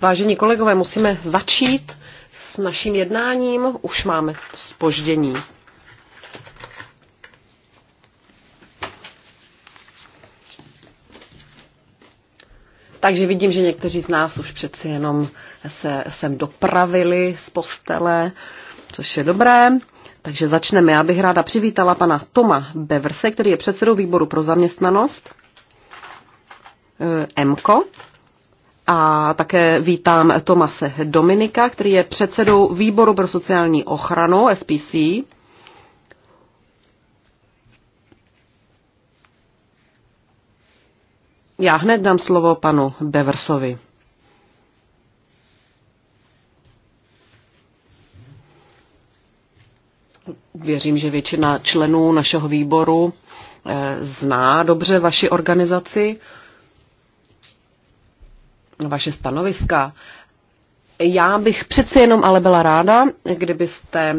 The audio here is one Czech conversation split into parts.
Vážení kolegové, musíme začít s naším jednáním. Už máme spoždění. Takže vidím, že někteří z nás už přeci jenom se sem dopravili z postele, což je dobré. Takže začneme. Já bych ráda přivítala pana Toma Beverse, který je předsedou výboru pro zaměstnanost EMKO eh, a také vítám Tomase Dominika, který je předsedou výboru pro sociální ochranu SPC. Já hned dám slovo panu Beversovi. Věřím, že většina členů našeho výboru eh, zná dobře vaši organizaci vaše stanoviska. Já bych přeci jenom ale byla ráda, kdybyste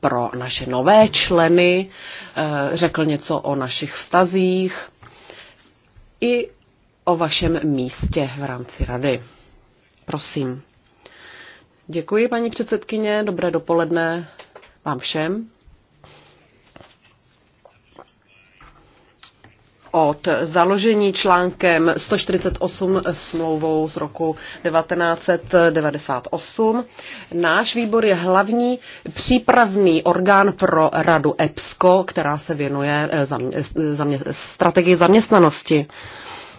pro naše nové členy eh, řekl něco o našich vztazích i o vašem místě v rámci rady. Prosím. Děkuji, paní předsedkyně. Dobré dopoledne vám všem. od založení článkem 148 smlouvou z roku 1998. Náš výbor je hlavní přípravný orgán pro radu EPSCO, která se věnuje eh, zamě, eh, zamě, strategii zaměstnanosti.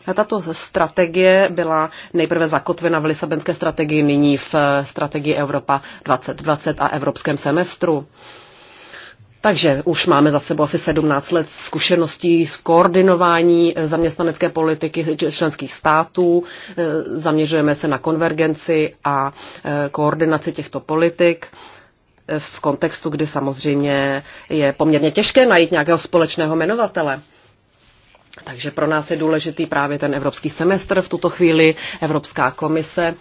A tato strategie byla nejprve zakotvena v Lisabonské strategii, nyní v eh, strategii Evropa 2020 a evropském semestru. Takže už máme za sebou asi 17 let zkušeností z koordinování eh, zaměstnanecké politiky členských států. Eh, zaměřujeme se na konvergenci a eh, koordinaci těchto politik v kontextu, kdy samozřejmě je poměrně těžké najít nějakého společného jmenovatele. Takže pro nás je důležitý právě ten evropský semestr. V tuto chvíli Evropská komise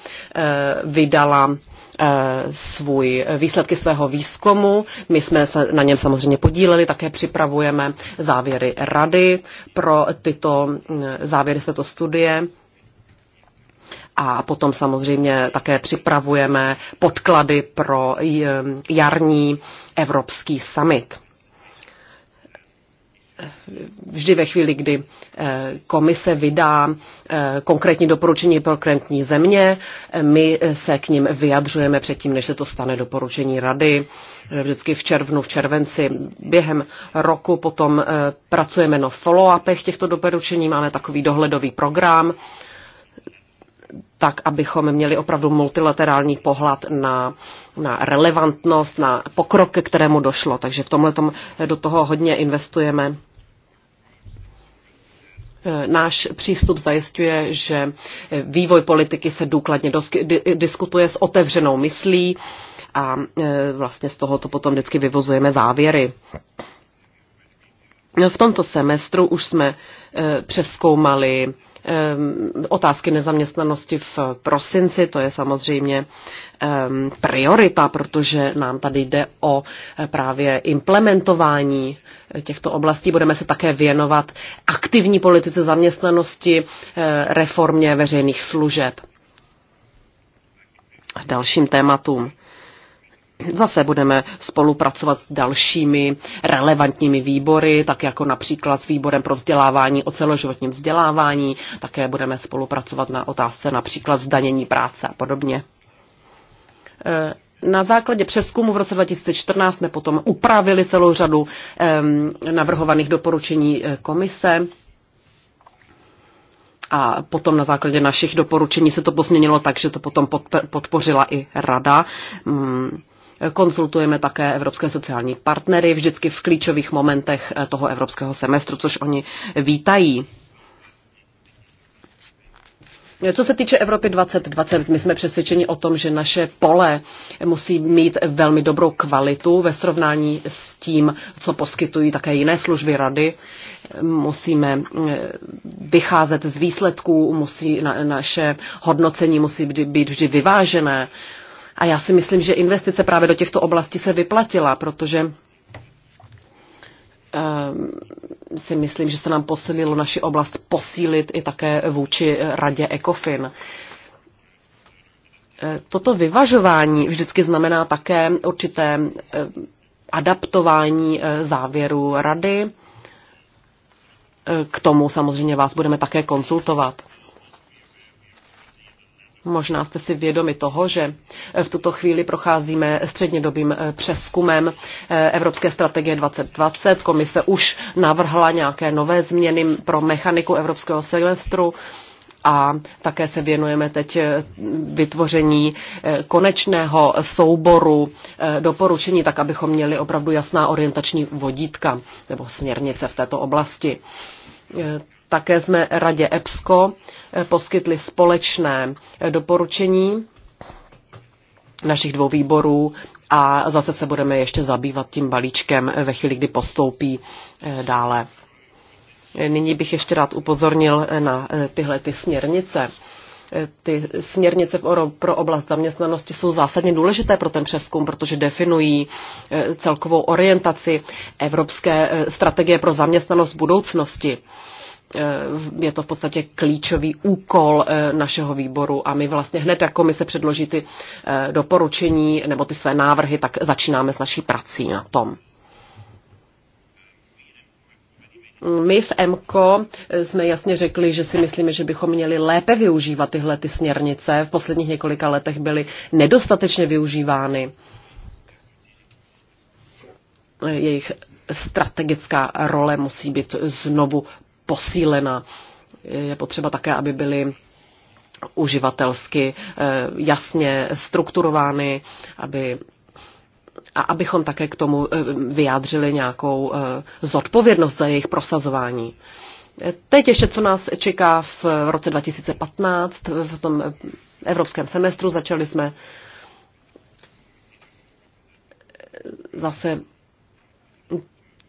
vydala Eh, svůj výsledky svého výzkumu. My jsme se na něm samozřejmě podíleli, také připravujeme závěry rady pro tyto mm, závěry z této studie. A potom samozřejmě také připravujeme podklady pro jarní Evropský summit vždy ve chvíli, kdy eh, komise vydá eh, konkrétní doporučení pro konkrétní země, eh, my se k ním vyjadřujeme předtím, než se to stane doporučení rady. Vždycky v červnu, v červenci, během roku potom pracujeme na follow-upech těchto doporučení, máme takový dohledový program, tak, abychom měli opravdu multilaterální pohled na, na relevantnost, na pokrok, ke kterému došlo. Takže v tomhle do toho hodně investujeme. E, náš přístup zajišťuje, že e, vývoj politiky se důkladně diskutuje s otevřenou myslí a e, vlastně z toho to potom vždycky vyvozujeme závěry. V tomto semestru už jsme přeskoumali otázky nezaměstnanosti v prosinci, to je samozřejmě priorita, protože nám tady jde o právě implementování těchto oblastí. Budeme se také věnovat aktivní politice zaměstnanosti, eh, reformě veřejných služeb dalším tématům. Zase budeme spolupracovat s dalšími relevantními výbory, tak jako například s výborem pro vzdělávání o celoživotním vzdělávání. Také budeme spolupracovat na otázce například zdanění práce a podobně. Eh, na základě přeskumu v roce 2014 jsme potom upravili celou řadu navrhovaných doporučení e, komise a potom na základě našich doporučení se to posměnilo tak, že to potom podpořila i rada. Mm, konzultujeme také evropské sociální partnery vždycky v klíčových momentech e, toho evropského semestru, což oni vítají. Co se týče Evropy 2020, my jsme přesvědčeni o tom, že naše pole musí mít velmi dobrou kvalitu ve srovnání s tím, co poskytují také jiné služby rady. Musíme eh, vycházet z výsledků, musí, na, naše hodnocení musí být vždy vyvážené. A já si myslím, že investice právě do těchto oblastí se vyplatila, protože Ehm, si myslím, že se nám posililo naši oblast posílit i také vůči radě ECOFIN. Eh, toto vyvažování vždycky znamená také určité eh, adaptování eh, závěru rady. K tomu samozřejmě vás budeme také konsultovat. Možná jste si vědomi toho, že v tuto chvíli procházíme střednědobým eh, přeskumem eh, Evropské strategie 2020. Komise už navrhla nějaké nové změny pro mechaniku Evropského semestru a také se věnujeme teď eh, vytvoření konečného souboru doporučení, tak abychom měli opravdu jasná orientační vodítka nebo směrnice v této oblasti. E, také jsme radě EPSCO e, poskytli společné e, doporučení našich dvou výborů a zase se budeme ještě zabývat tím balíčkem ve chvíli, kdy postoupí dále. Nyní bych ještě rád upozornil na tyhle ty směrnice ty směrnice pro oblast zaměstnanosti jsou zásadně důležité pro ten přeskum, protože definují e, celkovou orientaci evropské e, strategie pro zaměstnanost v budoucnosti. E, je to v podstatě klíčový úkol našeho výboru a my vlastně hned, jak komise předloží ty doporučení nebo ty své návrhy, tak začínáme s naší prací na tom. My v MKO jsme jasně řekli, že si myslíme, že bychom měli lépe využívat tyhle ty směrnice. V posledních několika letech byly nedostatečně využívány. Jejich strategická role musí být znovu posílena. Je potřeba také, aby byly uživatelsky eh, jasně strukturovány, aby a abychom také k tomu eh, vyjádřili nějakou eh, zodpovědnost za jejich prosazování. Teď ještě, co nás čeká v roce 2015, v tom evropském semestru, začali jsme eh, zase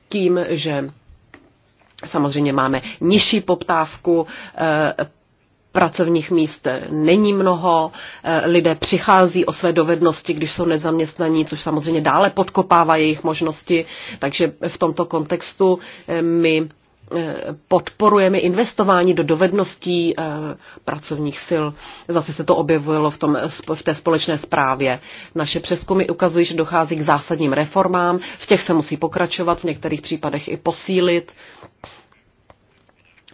tím, že samozřejmě máme nižší poptávku pracovních míst není mnoho, eh, lidé přichází o své dovednosti, když jsou nezaměstnaní, což samozřejmě dále podkopává jejich možnosti, takže v tomto kontextu eh, my eh, podporujeme investování do dovedností pracovních sil. Zase se to objevilo v, tom, v té společné zprávě. Naše přeskumy ukazují, že dochází k zásadním reformám, v těch se musí pokračovat, v některých případech i posílit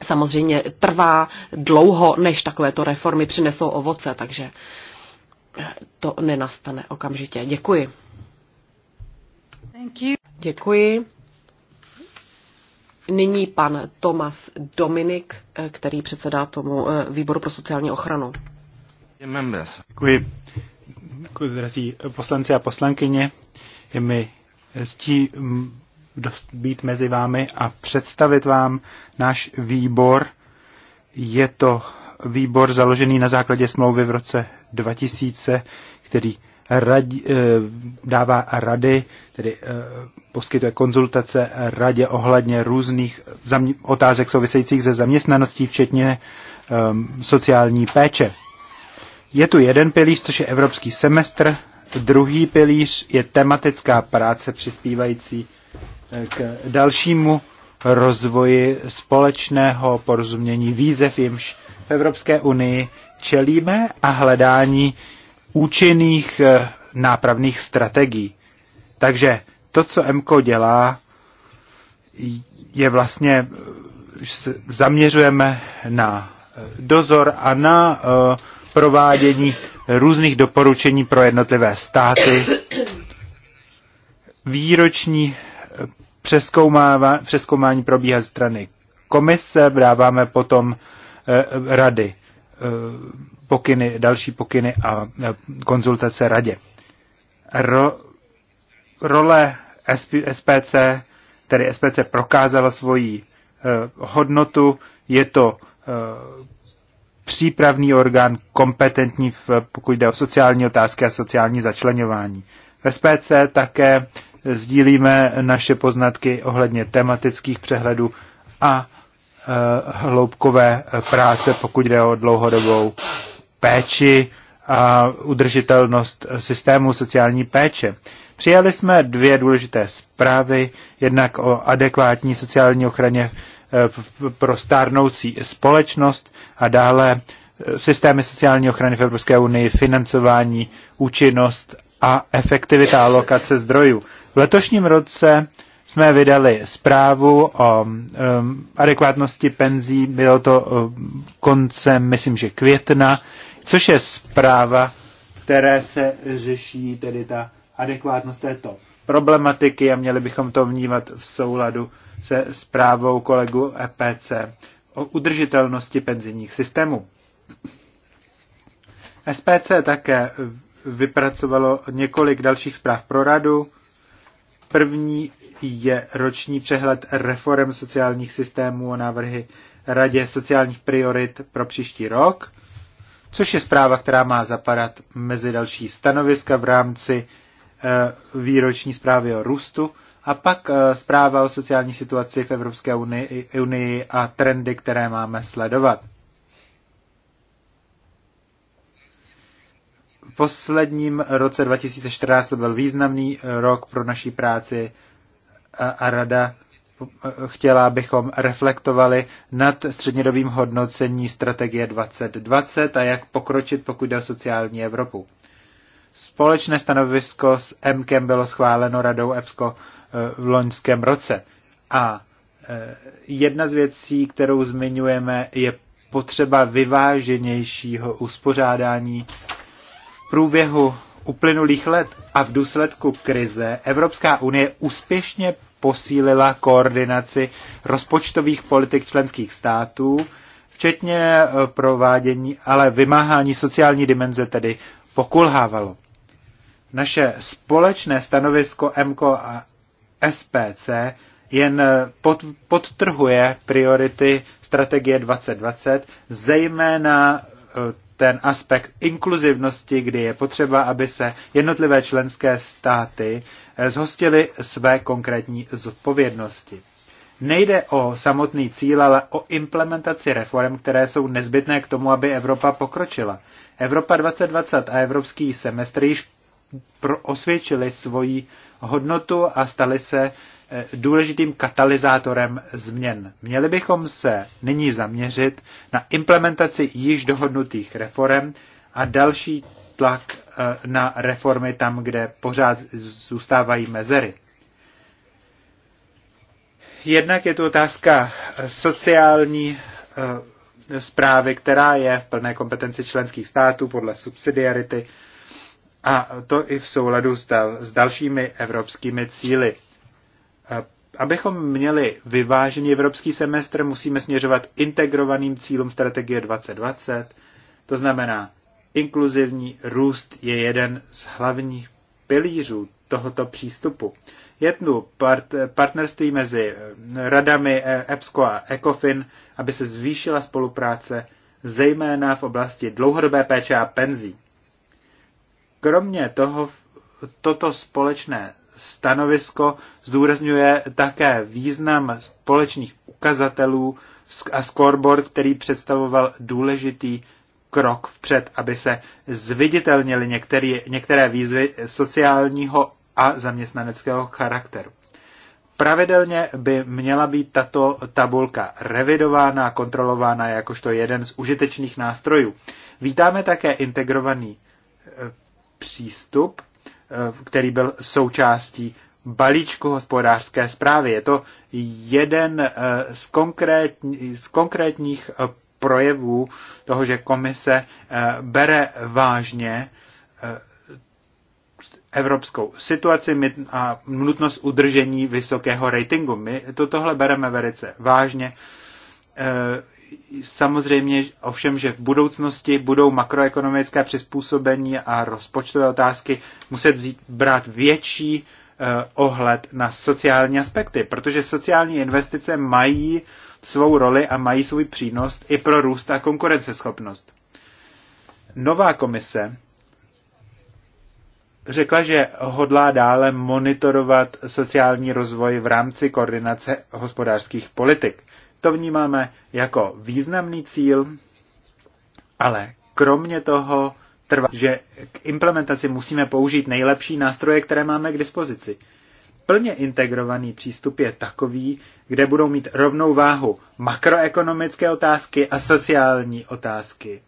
samozřejmě trvá dlouho, než takovéto reformy přinesou ovoce, takže to nenastane okamžitě. Děkuji. Thank you. Děkuji. Nyní pan Tomas Dominik, eh, který předsedá tomu eh, výboru pro sociální ochranu. Děkuji. Děkuji, drazí poslanci a poslankyně. Je mi ctí mm, být mezi vámi a představit vám náš výbor. Je to výbor založený na základě smlouvy v roce 2000, který radí, eh, dává rady, tedy eh, poskytuje konzultace radě ohledně různých otázek souvisejících se zaměstnaností, včetně ehm, sociální péče. Je tu jeden pilíř, což je evropský semestr, druhý pilíř je tematická práce přispívající k dalšímu rozvoji společného porozumění výzev, jimž v Evropské unii čelíme a hledání účinných eh, nápravných strategií. Takže to, co MKO dělá, je vlastně, eh, zaměřujeme na eh, dozor a na provádění různých doporučení pro jednotlivé státy. Výroční přeskoumání probíhá strany komise, dáváme potom eh, rady, eh, pokyny, další pokyny a eh, konzultace radě. Ro, role SP, SPC, tedy SPC prokázala svoji hodnotu, je to přípravný orgán kompetentní, v, pokud jde o sociální otázky a sociální začlenování. V SPC také sdílíme naše poznatky ohledně tematických přehledů a e, hloubkové práce, pokud jde o dlouhodobou péči a udržitelnost systému sociální péče. Přijali jsme dvě důležité zprávy, jednak o adekvátní sociální ochraně e, pro stárnoucí společnost a dále e, systémy sociální ochrany v Evropské unii, financování, účinnost a efektivita alokace zdrojů. V letošním roce jsme vydali zprávu o um, adekvátnosti penzí, bylo to um, koncem, myslím, že května, což je zpráva, které se řeší tedy ta adekvátnost této problematiky a měli bychom to vnímat v souladu se zprávou kolegu EPC o udržitelnosti penzijních systémů. SPC také vypracovalo několik dalších zpráv pro radu, První je roční přehled reform sociálních systémů a návrhy Radě sociálních priorit pro příští rok, což je zpráva, která má zapadat mezi další stanoviska v rámci eh, výroční zprávy o růstu a pak eh, zpráva o sociální situaci v Evropské unii a trendy, které máme sledovat. posledním roce 2014 byl významný rok pro naší práci a rada eh, chtěla, abychom reflektovali nad střednědobým hodnocení strategie 2020 a jak pokročit, pokud jde o sociální Evropu. Společné stanovisko s MKem e bylo schváleno radou EPSCO eh, v loňském roce. A eh, jedna z věcí, kterou zmiňujeme, je potřeba vyváženějšího uspořádání průběhu uplynulých let a v důsledku krize Evropská unie úspěšně posílila koordinaci rozpočtových politik členských států, včetně eh, provádění, ale vymáhání sociální dimenze tedy pokulhávalo. Naše společné stanovisko MKO a SPC jen eh, pod, podtrhuje priority strategie 2020, zejména eh, ten aspekt inkluzivnosti, kdy je potřeba, aby se jednotlivé členské státy eh, zhostily své konkrétní zodpovědnosti. Nejde o samotný cíl, ale o implementaci reform, které jsou nezbytné k tomu, aby Evropa pokročila. Evropa 2020 a evropský semestr již osvědčili svoji hodnotu a stali se Eh, důležitým katalyzátorem změn. Měli bychom se nyní zaměřit na implementaci již dohodnutých reform a další tlak eh, na reformy tam, kde pořád zůstávají mezery. Jednak je tu otázka sociální eh, zprávy, která je v plné kompetenci členských států podle subsidiarity a to i v souladu s, s dalšími evropskými cíly abychom měli vyvážený evropský semestr, musíme směřovat integrovaným cílům strategie 2020. To znamená, inkluzivní růst je jeden z hlavních pilířů tohoto přístupu. Jednu part, partnerství mezi radami e-, EPSCO a ECOFIN, aby se zvýšila spolupráce, zejména v oblasti dlouhodobé péče a penzí. Kromě toho toto společné stanovisko zdůrazňuje také význam společných ukazatelů a scoreboard, který představoval důležitý krok vpřed, aby se zviditelnily některé, některé výzvy sociálního a zaměstnaneckého charakteru. Pravidelně by měla být tato tabulka revidována a kontrolována jakožto jeden z užitečných nástrojů. Vítáme také integrovaný eh, přístup Eh, který byl součástí balíčku hospodářské zprávy. Je to jeden eh, z, konkrétní, z konkrétních eh, projevů toho, že komise bere vážně evropskou situaci a nutnost udržení vysokého ratingu. My to tohle bereme velice vážně samozřejmě ovšem, že v budoucnosti budou makroekonomické přizpůsobení a rozpočtové otázky muset vzít, brát větší eh, ohled na sociální aspekty, protože sociální investice mají svou roli a mají svůj přínos i pro růst a konkurenceschopnost. Nová komise řekla, že hodlá dále monitorovat sociální rozvoj v rámci koordinace hospodářských politik. To vnímáme jako významný cíl, ale kromě toho trvá, že k implementaci musíme použít nejlepší nástroje, které máme k dispozici. Plně integrovaný přístup je takový, kde budou mít rovnou váhu makroekonomické otázky a sociální otázky.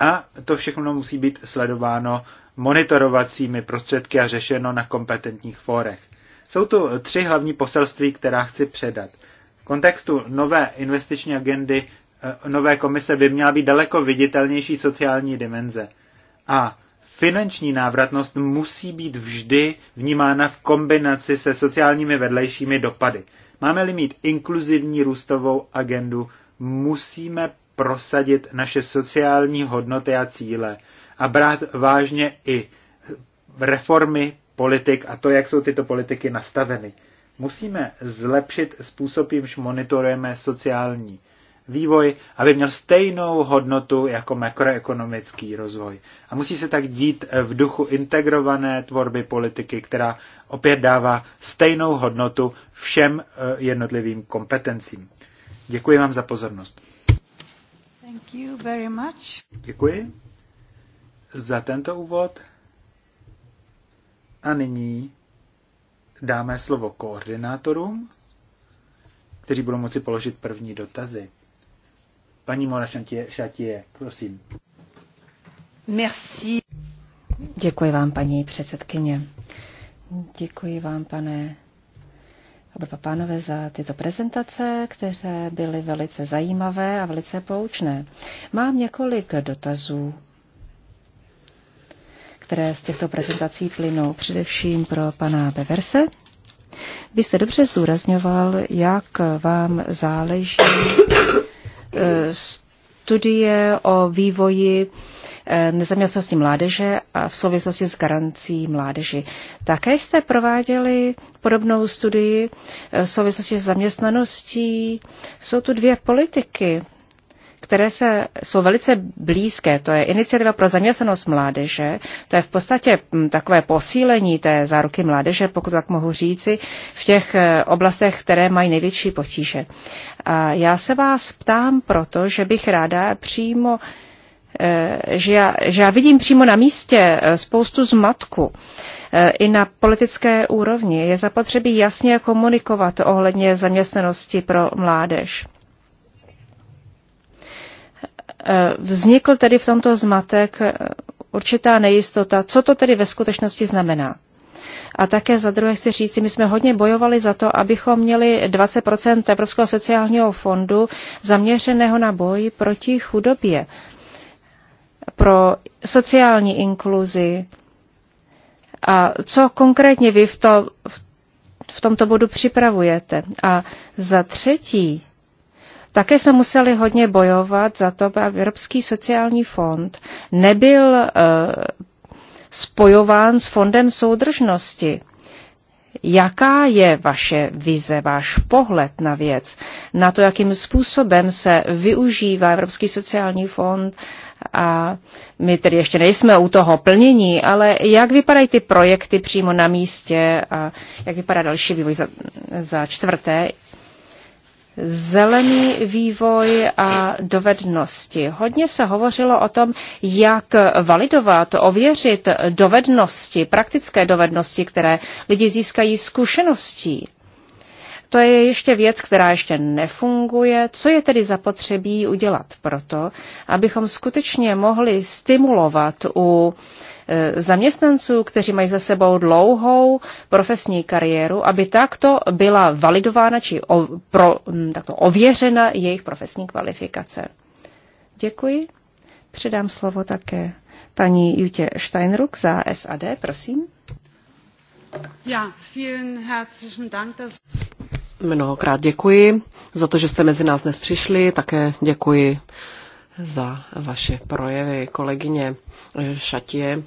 A to všechno musí být sledováno monitorovacími prostředky a řešeno na kompetentních fórech. Jsou tu tři hlavní poselství, která chci předat kontextu nové investiční agendy eh, nové komise by měla být daleko viditelnější sociální dimenze. A finanční návratnost musí být vždy vnímána v kombinaci se sociálními vedlejšími dopady. Máme-li mít inkluzivní růstovou agendu, musíme prosadit naše sociální hodnoty a cíle a brát vážně i reformy politik a to, jak jsou tyto politiky nastaveny. Musíme zlepšit způsob, jimž monitorujeme sociální vývoj, aby měl stejnou hodnotu jako makroekonomický rozvoj. A musí se tak dít v duchu integrované tvorby politiky, která opět dává stejnou hodnotu všem eh, jednotlivým kompetencím. Děkuji vám za pozornost. Thank you very much. Děkuji za tento úvod. A nyní dáme slovo koordinátorům, kteří budou moci položit první dotazy. Paní Mora Šatie, prosím. Merci. Děkuji vám, paní předsedkyně. Děkuji vám, pane oba pánové, za tyto prezentace, které byly velice zajímavé a velice poučné. Mám několik dotazů které z těchto prezentací plynou především pro pana Beverse. Vy jste dobře zúrazňoval, jak vám záleží eh, studie o vývoji eh, nezaměstnanosti mládeže a v souvislosti s garancí mládeži. Také jste prováděli podobnou studii eh, v souvislosti s zaměstnaností. Jsou tu dvě politiky, které se, jsou velice blízké. To je iniciativa pro zaměstnanost mládeže. To je v podstatě mm, takové posílení té záruky mládeže, pokud tak mohu říci, v těch eh, oblastech, které mají největší potíže. A já se vás ptám proto, že bych ráda přímo eh, že já, že já vidím přímo na místě eh, spoustu zmatku i na politické úrovni. Je zapotřebí jasně komunikovat ohledně zaměstnanosti pro mládež. Vznikl tedy v tomto zmatek eh, určitá nejistota, co to tedy ve skutečnosti znamená. A také za druhé chci říct, my jsme hodně bojovali za to, abychom měli 20 Evropského sociálního fondu zaměřeného na boj proti chudobě, pro sociální inkluzi. A co konkrétně vy v, to, v tomto bodu připravujete? A za třetí, také jsme museli hodně bojovat za to, aby Evropský sociální fond nebyl eh, spojován s fondem soudržnosti. Jaká je vaše vize, váš pohled na věc, na to, jakým způsobem se využívá Evropský sociální fond a my tedy ještě nejsme u toho plnění, ale jak vypadají ty projekty přímo na místě a jak vypadá další vývoj za, za čtvrté, zelený vývoj a dovednosti. Hodně se hovořilo o tom, jak validovat, ověřit dovednosti, praktické dovednosti, které lidi získají zkušeností. To je ještě věc, která ještě nefunguje. Co je tedy zapotřebí udělat proto, abychom skutečně mohli stimulovat u Eh, zaměstnanců, kteří mají za sebou dlouhou profesní kariéru, aby takto byla validována či o, pro, hm, takto ověřena jejich profesní kvalifikace. Děkuji. Předám slovo také paní Jutě Steinruck za SAD, prosím. Ja, vielen herzlichen Dank, dass... Mnohokrát děkuji za to, že jste mezi nás dnes přišli. Také děkuji za vaše projevy, kolegyně Šatě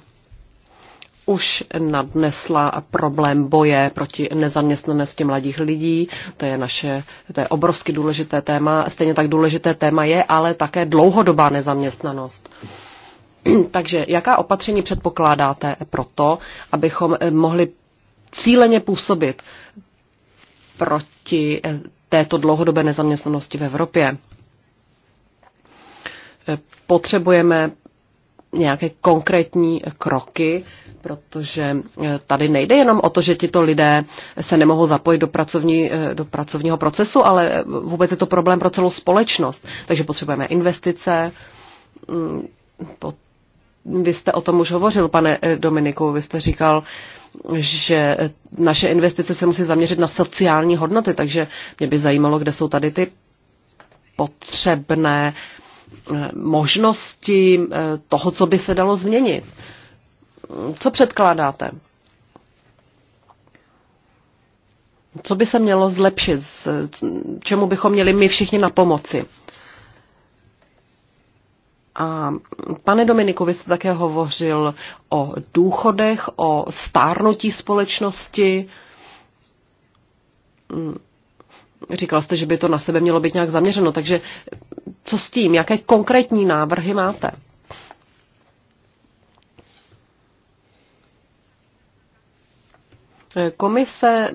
už nadnesla problém boje proti nezaměstnanosti mladých lidí. To je naše, to je obrovsky důležité téma. Stejně tak důležité téma je ale také dlouhodobá nezaměstnanost. Takže jaká opatření předpokládáte pro to, abychom eh, mohli cíleně působit proti eh, této dlouhodobé nezaměstnanosti v Evropě? Eh, potřebujeme nějaké konkrétní kroky, protože eh, tady nejde jenom o to, že tito lidé se nemohou zapojit do, pracovní, eh, do pracovního procesu, ale eh, vůbec je to problém pro celou společnost. Takže potřebujeme investice. Mm, vy jste o tom už hovořil, pane Dominiku, vy jste říkal, že naše investice se musí zaměřit na sociální hodnoty, takže mě by zajímalo, kde jsou tady ty potřebné možnosti toho, co by se dalo změnit co předkládáte? Co by se mělo zlepšit? Čemu bychom měli my všichni na pomoci? A pane Dominiku, vy jste také hovořil o důchodech, o stárnutí společnosti. Mm. Říkal jste, že by to na sebe mělo být nějak zaměřeno, takže co s tím? Jaké konkrétní návrhy máte? Eh, komise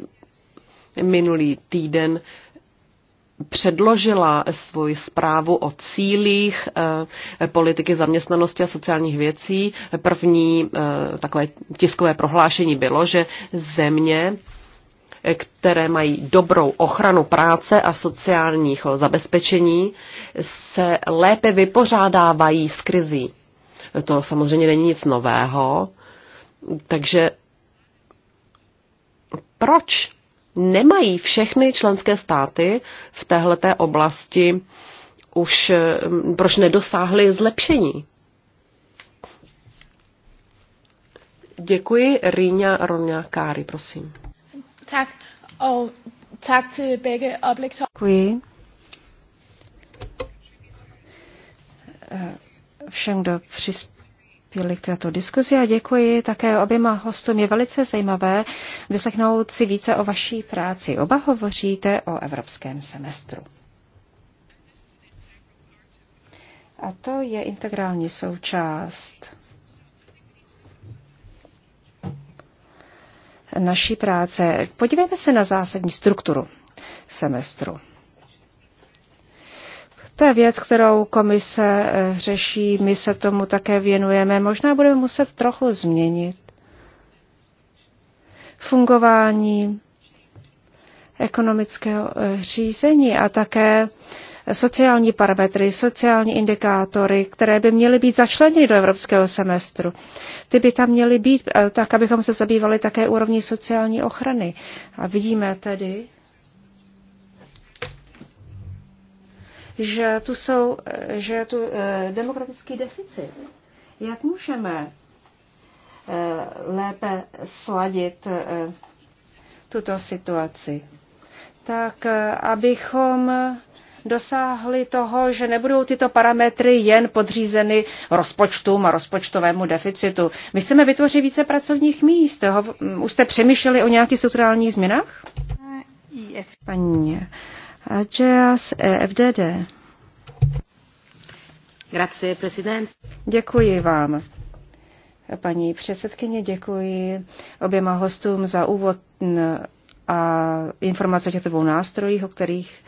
minulý týden předložila svoji zprávu o cílích eh, politiky zaměstnanosti a sociálních věcí. První eh, takové tiskové prohlášení bylo, že země které mají dobrou ochranu práce a sociálního zabezpečení, se lépe vypořádávají s krizí. To samozřejmě není nic nového, takže proč nemají všechny členské státy v téhleté oblasti už, eh, proč nedosáhly zlepšení? Děkuji, Rýňa Ronja Kári, prosím. Tak, o, tak til begge Děkuji. Eh, všem, kdo přispěl přispěli k této diskuzi a děkuji také oběma hostům. Je velice zajímavé vyslechnout si více o vaší práci. Oba hovoříte o evropském semestru. A to je integrální součást naší práce. Podívejme se na zásadní strukturu semestru. To je věc, kterou komise eh, řeší, my se tomu také věnujeme. Možná budeme muset trochu změnit fungování ekonomického eh, řízení a také sociální parametry, sociální indikátory, které by měly být začleněny do evropského semestru. Ty by tam měly být eh, tak, abychom se zabývali také úrovní sociální ochrany. A vidíme tedy, že tu, jsou, že je tu eh, demokratický deficit. Jak můžeme eh, lépe sladit eh, tuto situaci? Tak abychom dosáhli toho, že nebudou tyto parametry jen podřízeny rozpočtům a rozpočtovému deficitu. My chceme vytvořit více pracovních míst. Už jste přemýšleli o nějakých sociálních změnách? Paní Ageas EFDD. Grazie, Děkuji vám. Paní předsedkyně, děkuji oběma hostům za úvod a informace o těchto dvou nástrojích, o kterých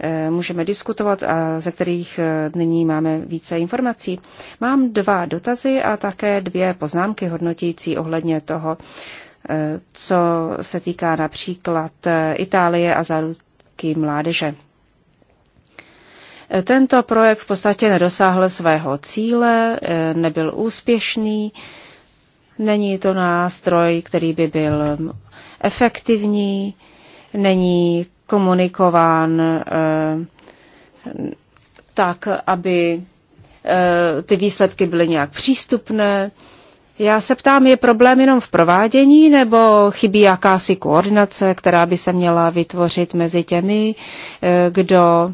e, můžeme diskutovat a ze kterých e, nyní máme více informací. Mám dva dotazy a také dvě poznámky hodnotící ohledně toho, e, co se týká například Itálie a politiky mládeže. Tento projekt v podstatě nedosáhl svého cíle, nebyl úspěšný, není to nástroj, který by byl efektivní, není komunikován eh, tak, aby eh, ty výsledky byly nějak přístupné, já se ptám, je problém jenom v provádění, nebo chybí jakási koordinace, která by se měla vytvořit mezi těmi, eh, kdo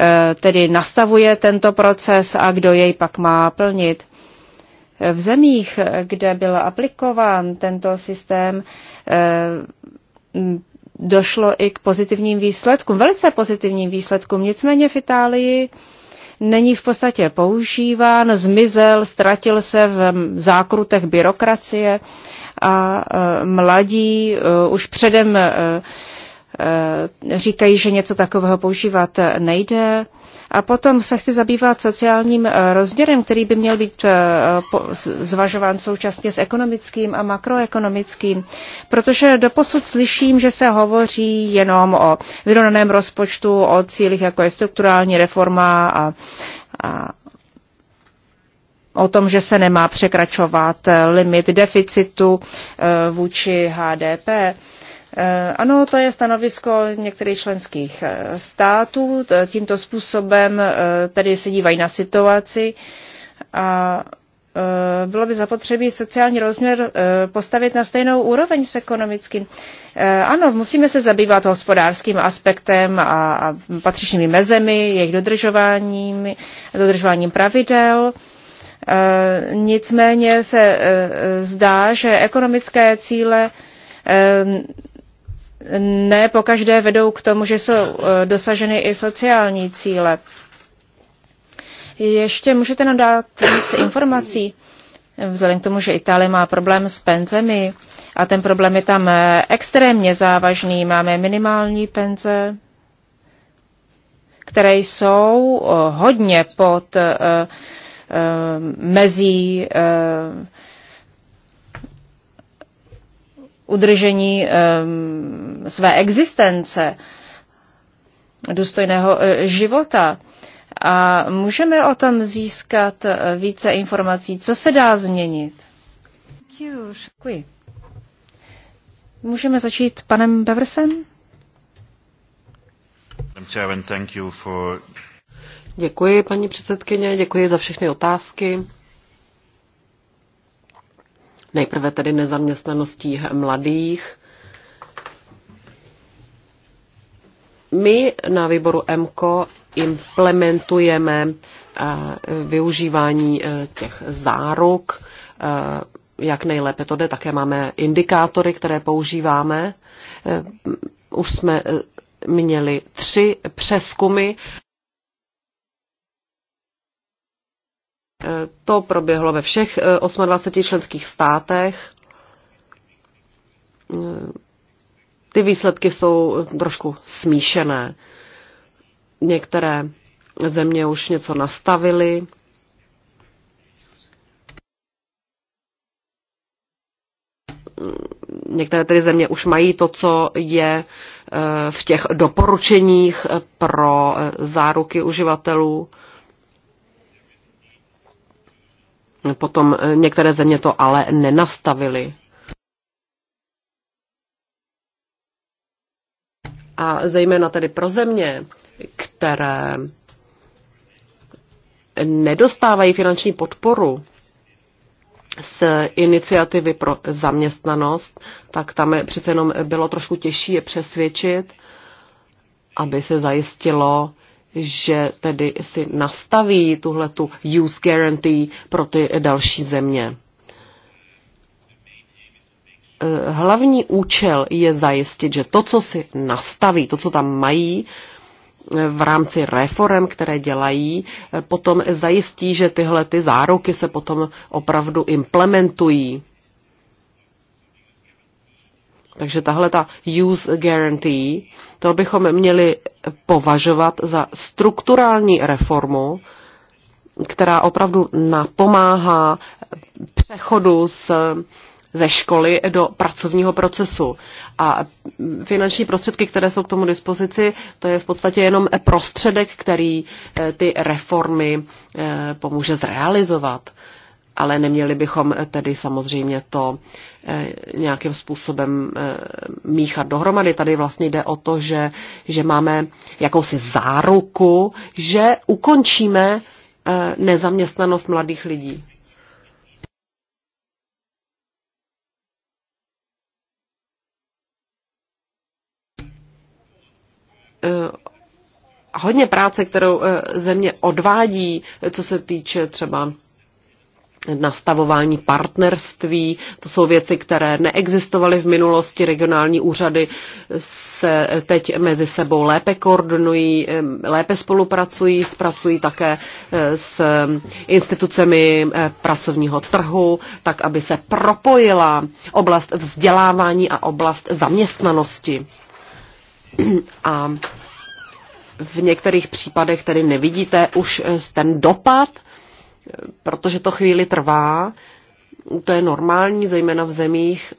eh, tedy nastavuje tento proces a kdo jej pak má plnit? V zemích, kde byl aplikován tento systém, eh, došlo i k pozitivním výsledkům, velice pozitivním výsledkům. Nicméně v Itálii není v podstatě používán, zmizel, ztratil se v zákrutech byrokracie a e, mladí e, už předem e, Eh, říkají, že něco takového používat nejde. A potom se chci zabývat sociálním eh, rozměrem, který by měl být eh, zvažován současně s ekonomickým a makroekonomickým, protože doposud slyším, že se hovoří jenom o vyrovnaném rozpočtu, o cílech, jako je strukturální reforma a, a o tom, že se nemá překračovat limit deficitu vůči HDP Eh, ano, to je stanovisko některých členských eh, států. Tímto způsobem eh, tedy se dívají na situaci a bylo by zapotřebí sociální rozměr postavit na stejnou úroveň s ekonomickým. Ano, musíme se zabývat hospodářským aspektem a patřičnými mezemi, jejich dodržováním, dodržováním pravidel. Nicméně se zdá, že ekonomické cíle ne pokaždé vedou k tomu, že jsou e, dosaženy i sociální cíle. Ještě můžete nám dát více informací, vzhledem k tomu, že Itálie má problém s penzemi a ten problém je tam e, extrémně závažný. Máme minimální penze, které jsou e, hodně pod mezí udržení eh, své existence, důstojného eh, života. A můžeme o tom získat eh, více informací, co se dá změnit. Děkuji. Můžeme začít panem Beversem? Děkuji, paní předsedkyně, děkuji za všechny otázky. Nejprve tedy nezaměstnaností mladých. My na výboru MKO implementujeme eh, využívání eh, těch záruk, eh, jak nejlépe to jde. Také máme indikátory, které používáme. Už jsme měli tři přeskumy Eh, to proběhlo ve všech 28 eh, členských státech. Eh, ty výsledky jsou trošku smíšené. Některé země už něco nastavily, některé tedy země už mají to, co je v těch doporučeních pro záruky uživatelů. Potom eh, některé země to ale nenastavily. A zejména tedy pro země, které nedostávají finanční podporu z iniciativy pro zaměstnanost, tak tam přece jenom bylo trošku těžší je přesvědčit, aby se zajistilo že tedy si nastaví tuhle tu use guarantee pro ty další země. Eh, hlavní účel je zajistit, že to, co si nastaví, to, co tam mají, eh, v rámci reform, které dělají, eh, potom zajistí, že tyhle ty záruky se potom opravdu implementují. Takže tahle ta use guarantee, to bychom měli považovat za strukturální reformu, která opravdu napomáhá přechodu z, ze školy do pracovního procesu. A finanční prostředky, které jsou k tomu dispozici, to je v podstatě jenom prostředek, který eh, ty reformy eh, pomůže zrealizovat ale neměli bychom tedy samozřejmě to eh, nějakým způsobem eh, míchat dohromady. Tady vlastně jde o to, že, že máme jakousi záruku, že ukončíme eh, nezaměstnanost mladých lidí. Hodně práce, kterou země odvádí, co se týče třeba nastavování partnerství. To jsou věci, které neexistovaly v minulosti. Regionální úřady se teď mezi sebou lépe koordinují, lépe spolupracují, zpracují také eh, s institucemi eh, pracovního trhu, tak aby se propojila oblast vzdělávání a oblast zaměstnanosti. A v některých případech tedy nevidíte už ten dopad protože to chvíli trvá. To je normální, zejména v zemích,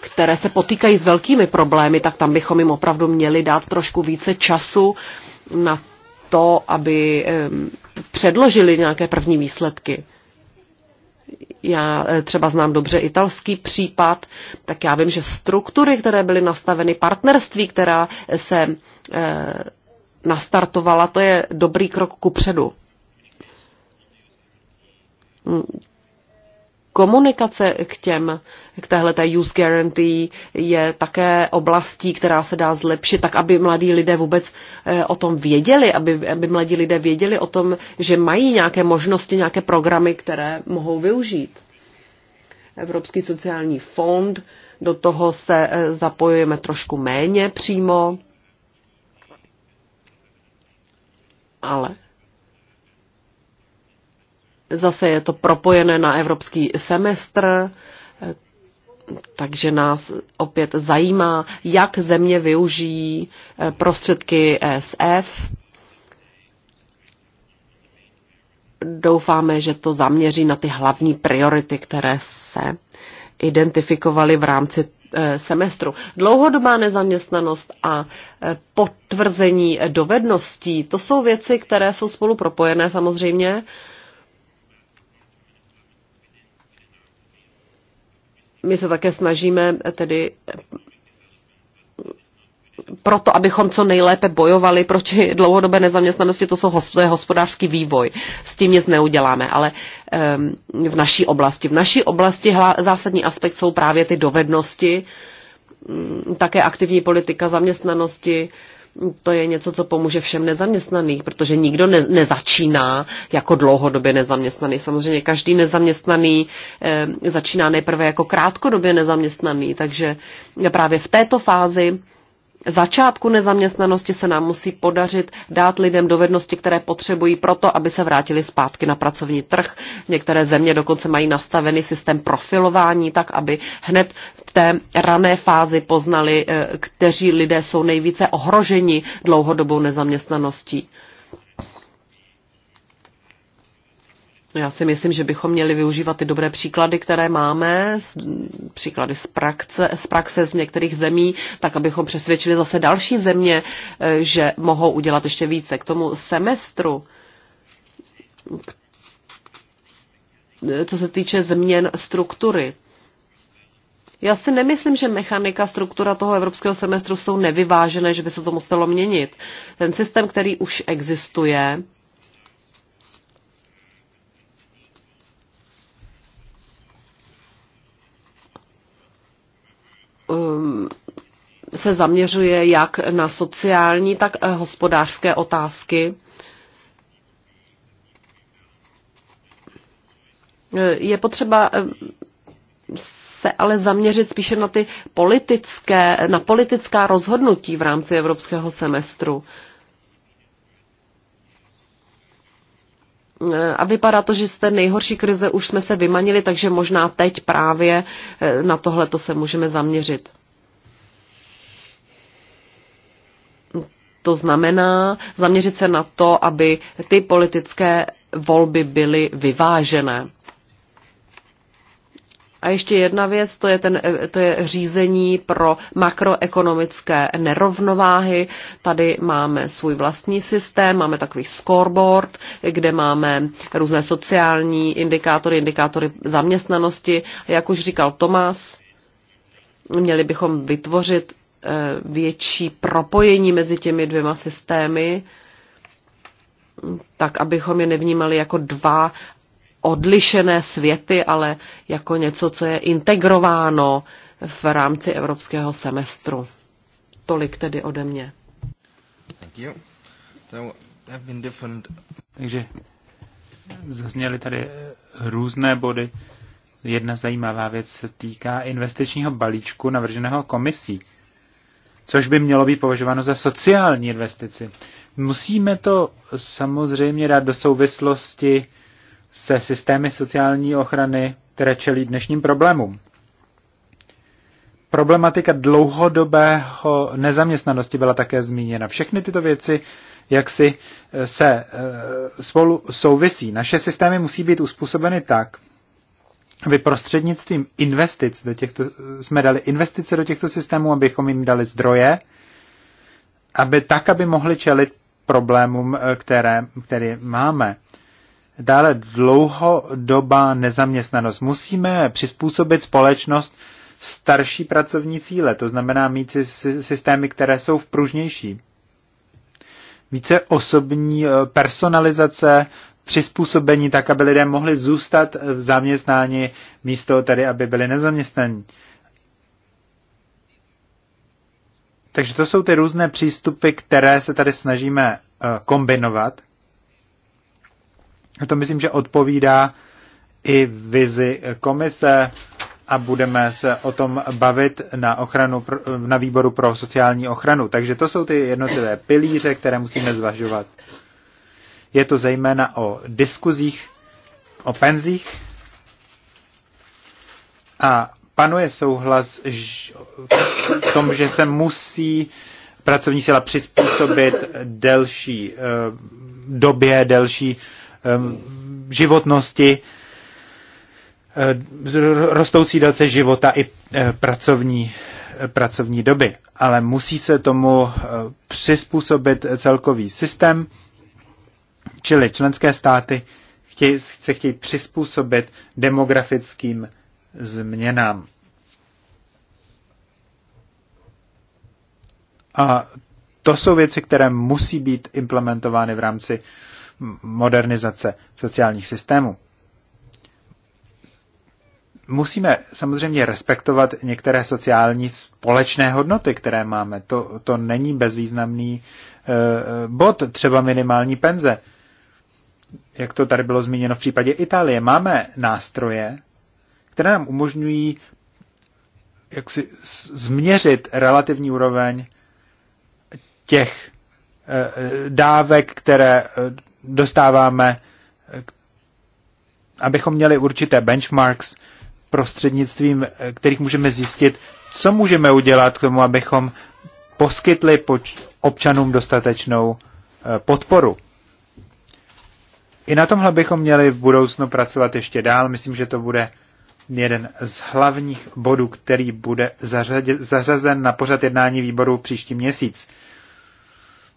které se potýkají s velkými problémy, tak tam bychom jim opravdu měli dát trošku více času na to, aby předložili nějaké první výsledky. Já eh, třeba znám dobře italský případ, tak já vím, že struktury, které byly nastaveny, partnerství, která se eh, nastartovala, to je dobrý krok ku předu. Komunikace k těm, k téhle use guarantee je také oblastí, která se dá zlepšit, tak aby mladí lidé vůbec eh, o tom věděli, aby, aby mladí lidé věděli o tom, že mají nějaké možnosti, nějaké programy, které mohou využít. Evropský sociální fond, do toho se eh, zapojujeme trošku méně přímo ale zase je to propojené na evropský semestr, takže nás opět zajímá, jak země využijí eh, prostředky ESF. Doufáme, že to zaměří na ty hlavní priority, které se identifikovaly v rámci Eh, semestru. Dlouhodobá nezaměstnanost a eh, potvrzení dovedností, to jsou věci, které jsou spolu propojené samozřejmě. My se také snažíme tedy proto, abychom co nejlépe bojovali proti dlouhodobé nezaměstnanosti, to, jsou, to je hospodářský vývoj. S tím nic neuděláme, ale um, v naší oblasti. V naší oblasti hla, zásadní aspekt jsou právě ty dovednosti, um, také aktivní politika zaměstnanosti, to je něco, co pomůže všem nezaměstnaných, protože nikdo ne, nezačíná jako dlouhodobě nezaměstnaný. Samozřejmě každý nezaměstnaný e, začíná nejprve jako krátkodobě nezaměstnaný, takže právě v této fázi začátku nezaměstnanosti se nám musí podařit dát lidem dovednosti, které potřebují proto, aby se vrátili zpátky na pracovní trh. Některé země dokonce mají nastavený systém profilování tak, aby hned v té rané fázi poznali, eh, kteří lidé jsou nejvíce ohroženi dlouhodobou nezaměstnaností. Já si myslím, že bychom měli využívat ty dobré příklady, které máme, příklady z praxe, z praxe z některých zemí, tak abychom přesvědčili zase další země, eh, že mohou udělat ještě více. K tomu semestru, co se týče změn struktury, já si nemyslím, že mechanika, struktura toho evropského semestru jsou nevyvážené, že by se to muselo měnit. Ten systém, který už existuje, Um, se zaměřuje jak na sociální, tak eh, hospodářské otázky. Eh, je potřeba eh, se ale zaměřit spíše na ty politické, na politická rozhodnutí v rámci evropského semestru. A vypadá to, že z té nejhorší krize už jsme se vymanili, takže možná teď právě eh, na tohle to se můžeme zaměřit. To znamená zaměřit se na to, aby ty politické volby byly vyvážené. A ještě jedna věc, to je, ten, to je řízení pro makroekonomické nerovnováhy. Tady máme svůj vlastní systém, máme takový scoreboard, kde máme různé sociální indikátory, indikátory zaměstnanosti. Jak už říkal Tomás, měli bychom vytvořit eh, větší propojení mezi těmi dvěma systémy, tak abychom je nevnímali jako dva odlišené světy, ale jako něco, co je integrováno v rámci evropského semestru. Tolik tedy ode mě. Takže zazněly tady různé body. Jedna zajímavá věc se týká investičního balíčku navrženého komisí, což by mělo být považováno za sociální investici. Musíme to samozřejmě dát do souvislosti se systémy sociální ochrany, které čelí dnešním problémům. Problematika dlouhodobého nezaměstnanosti byla také zmíněna. Všechny tyto věci jak si eh, se eh, spolu souvisí. Naše systémy musí být uspůsobeny tak, aby prostřednictvím investic do těchto, jsme dali investice do těchto systémů, abychom jim dali zdroje, aby tak, aby mohli čelit problémům, eh, které, které máme. Dále dlouhodobá nezaměstnanost. Musíme přizpůsobit společnost starší pracovní cíle, to znamená mít systémy, které jsou v pružnější. Více osobní eh, personalizace, přizpůsobení tak, aby lidé mohli zůstat v zaměstnání místo tedy, aby byli nezaměstnaní. Takže to jsou ty různé přístupy, které se tady snažíme eh, kombinovat – to myslím, že odpovídá i vizi komise a budeme se o tom bavit na, ochranu, na výboru pro sociální ochranu. Takže to jsou ty jednotlivé pilíře, které musíme zvažovat. Je to zejména o diskuzích, o penzích a panuje souhlas v tom, že se musí pracovní síla přizpůsobit delší eh, době, delší životnosti, rostoucí délce života i e, pracovní, e, pracovní doby. Ale musí se tomu e, přizpůsobit celkový systém, čili členské státy chtějí, se chtějí přizpůsobit demografickým změnám. A to jsou věci, které musí být implementovány v rámci modernizace sociálních systémů. Musíme samozřejmě respektovat některé sociální společné hodnoty, které máme. To, to není bezvýznamný uh, bod, třeba minimální penze. Jak to tady bylo zmíněno v případě Itálie, máme nástroje, které nám umožňují jak si změřit relativní úroveň těch e, dávek, které dostáváme, abychom měli určité benchmarks, prostřednictvím kterých můžeme zjistit, co můžeme udělat k tomu, abychom poskytli občanům dostatečnou eh, podporu. I na tomhle bychom měli v budoucnu pracovat ještě dál. Myslím, že to bude jeden z hlavních bodů, který bude zařazen na pořad jednání výboru příští měsíc.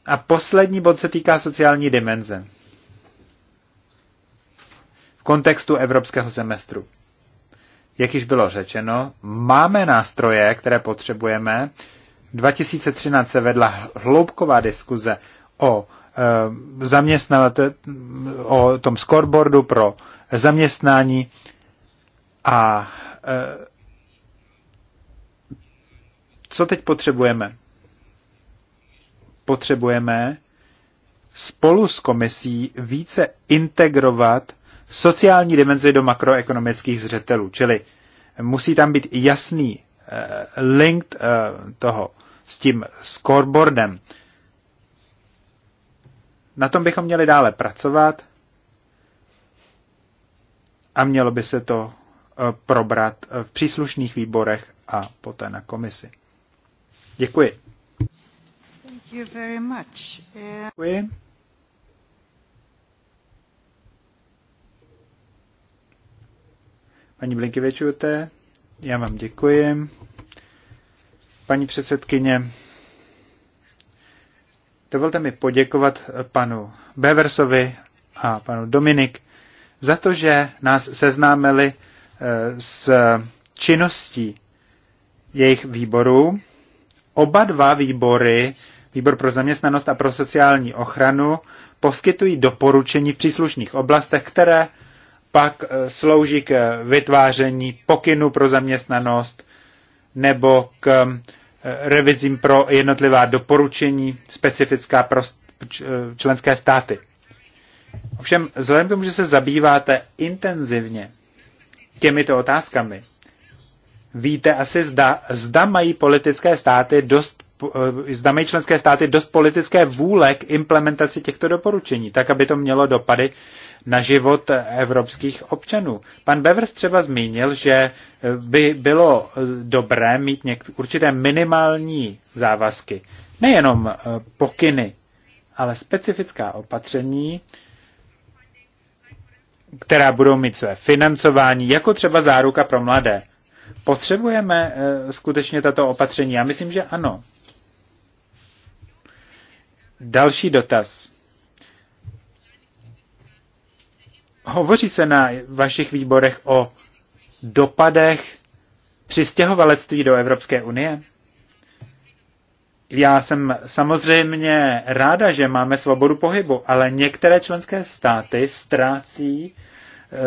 A poslední bod se týká sociální dimenze. V kontextu evropského semestru. Jak již bylo řečeno, máme nástroje, které potřebujeme. 2013 se vedla hloubková diskuze o e, o tom scoreboardu pro zaměstnání a e, co teď potřebujeme? potřebujeme spolu s komisí více integrovat sociální dimenzi do makroekonomických zřetelů. Čili musí tam být jasný eh, link eh, toho s tím scoreboardem. Na tom bychom měli dále pracovat a mělo by se to eh, probrat v příslušných výborech a poté na komisi. Děkuji you very eh, Děkuji. Paní Blinkevičujte, já vám děkuji. Paní předsedkyně, dovolte mi poděkovat panu Beversovi a panu Dominik za to, že nás seznámili eh, s činností jejich výborů. Oba dva výbory Výbor pro zaměstnanost a pro sociální ochranu poskytují doporučení v příslušných oblastech, které pak e, slouží k vytváření pokynu pro zaměstnanost nebo k e, revizím pro jednotlivá doporučení specifická pro e, členské státy. Ovšem, vzhledem k tomu, že se zabýváte intenzivně těmito otázkami, víte asi, zda, zda mají politické státy dost Eh, zda mají členské státy dost politické vůle k implementaci těchto doporučení, tak aby to mělo dopady na život evropských občanů. Pan Bevers třeba zmínil, že eh, by bylo eh, dobré mít něk- určité minimální závazky. Nejenom pokyny, ale specifická opatření, která budou mít své financování, jako třeba záruka pro mladé. Potřebujeme skutečně tato opatření? Já myslím, že ano. Další dotaz. Hovoří se na vašich výborech o dopadech přistěhovalectví do Evropské unie? Já jsem samozřejmě ráda, že máme svobodu pohybu, ale některé členské státy ztrácí eh,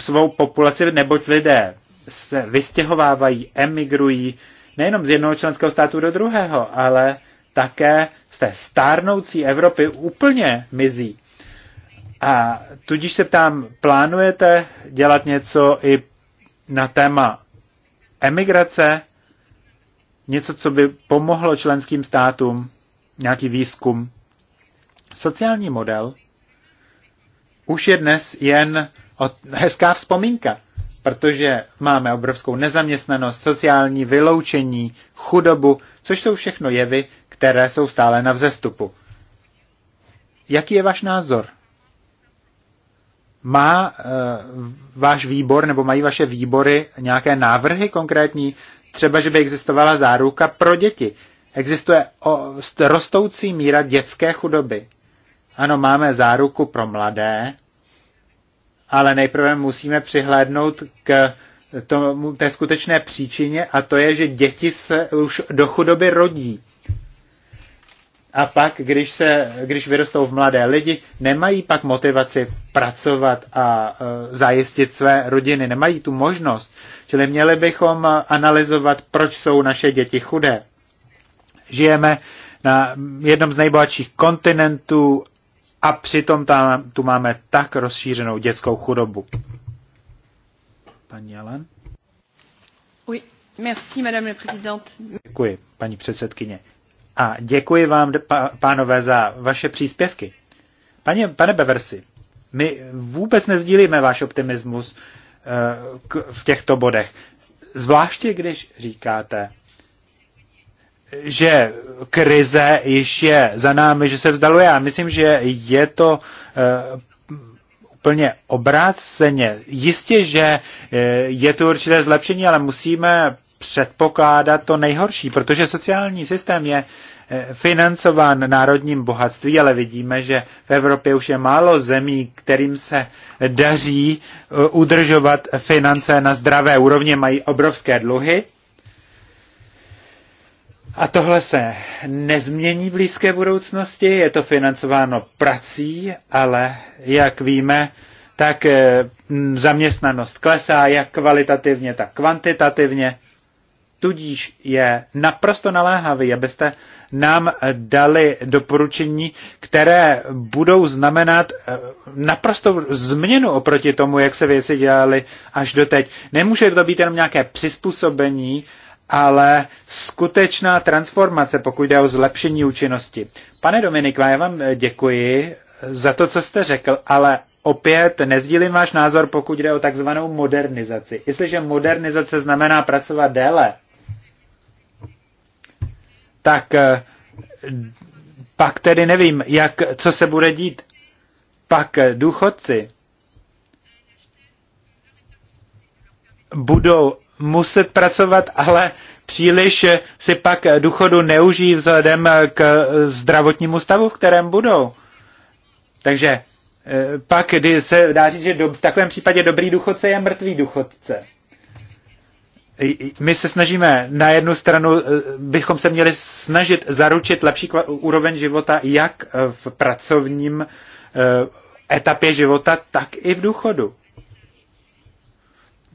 svou populaci, neboť lidé se vystěhovávají, emigrují nejenom z jednoho členského státu do druhého, ale také z té stárnoucí Evropy úplně mizí. A tudíž se ptám, plánujete dělat něco i na téma emigrace? Něco, co by pomohlo členským státům? Nějaký výzkum? Sociální model už je dnes jen hezká vzpomínka protože máme obrovskou nezaměstnanost, sociální vyloučení, chudobu, což jsou všechno jevy, které jsou stále na vzestupu. Jaký je váš názor? Má e, váš výbor nebo mají vaše výbory nějaké návrhy konkrétní, třeba že by existovala záruka pro děti? Existuje o, rostoucí míra dětské chudoby. Ano, máme záruku pro mladé, ale nejprve musíme přihlédnout k tomu, té skutečné příčině a to je, že děti se už do chudoby rodí. A pak, když, se, když vyrostou v mladé lidi, nemají pak motivaci pracovat a e, zajistit své rodiny, nemají tu možnost. Čili měli bychom analyzovat, proč jsou naše děti chudé. Žijeme na jednom z nejbohatších kontinentů a přitom tam, tu máme tak rozšířenou dětskou chudobu. Paní Jelen. Oui, merci, madame la présidente. Děkuji, paní předsedkyně. A děkuji vám, pánové, za vaše příspěvky. Paní pane Beversi, my vůbec nezdílíme váš optimismus eh, v těchto bodech. Zvláště když říkáte, že krize již je za námi, že se vzdaluje. Já myslím, že je to eh, úplně obráceně. Jistě, že eh, je tu určité zlepšení, ale musíme předpokládat to nejhorší, protože sociální systém je eh, financován národním bohatství, ale vidíme, že v Evropě už je málo zemí, kterým se daří udržovat finance na zdravé úrovně, mají obrovské dluhy a tohle se nezmění v blízké budoucnosti, je to financováno prací, ale jak víme, tak eh, zaměstnanost klesá jak kvalitativně, tak kvantitativně. Tudíž je naprosto naléhavý, abyste nám dali doporučení, které budou znamenat eh, naprosto změnu oproti tomu, jak se věci dělaly až doteď. Nemůže to být jenom nějaké přizpůsobení ale skutečná transformace, pokud jde o zlepšení účinnosti. Pane Dominik, já vám eh, děkuji eh, za to, co jste řekl, ale opět nezdílím váš názor, pokud jde o takzvanou modernizaci. Jestliže modernizace znamená pracovat déle, tak eh, pak tedy nevím, jak, co se bude dít. Pak důchodci budou muset pracovat, ale příliš si pak důchodu neužijí vzhledem k zdravotnímu stavu, v kterém budou. Takže e, pak, kdy se dá říct, že v takovém případě dobrý důchodce je mrtvý důchodce. My se snažíme, na jednu stranu e, bychom se měli snažit zaručit lepší úroveň života jak v pracovním e, etapě života, tak i v důchodu.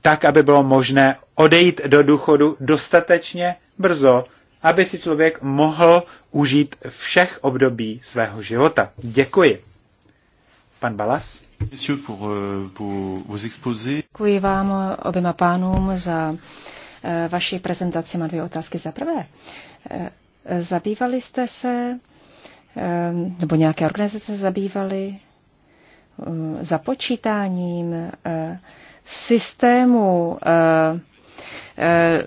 Tak, aby bylo možné odejít do důchodu dostatečně brzo, aby si člověk mohl užít všech období svého života. Děkuji. Pan Balas. Euh, Děkuji vám eh, oběma pánům za eh, vaši prezentaci. Mám dvě otázky. Za prvé, eh, zabývali jste se, nebo nějaké organizace zabývaly započítáním systému Eh,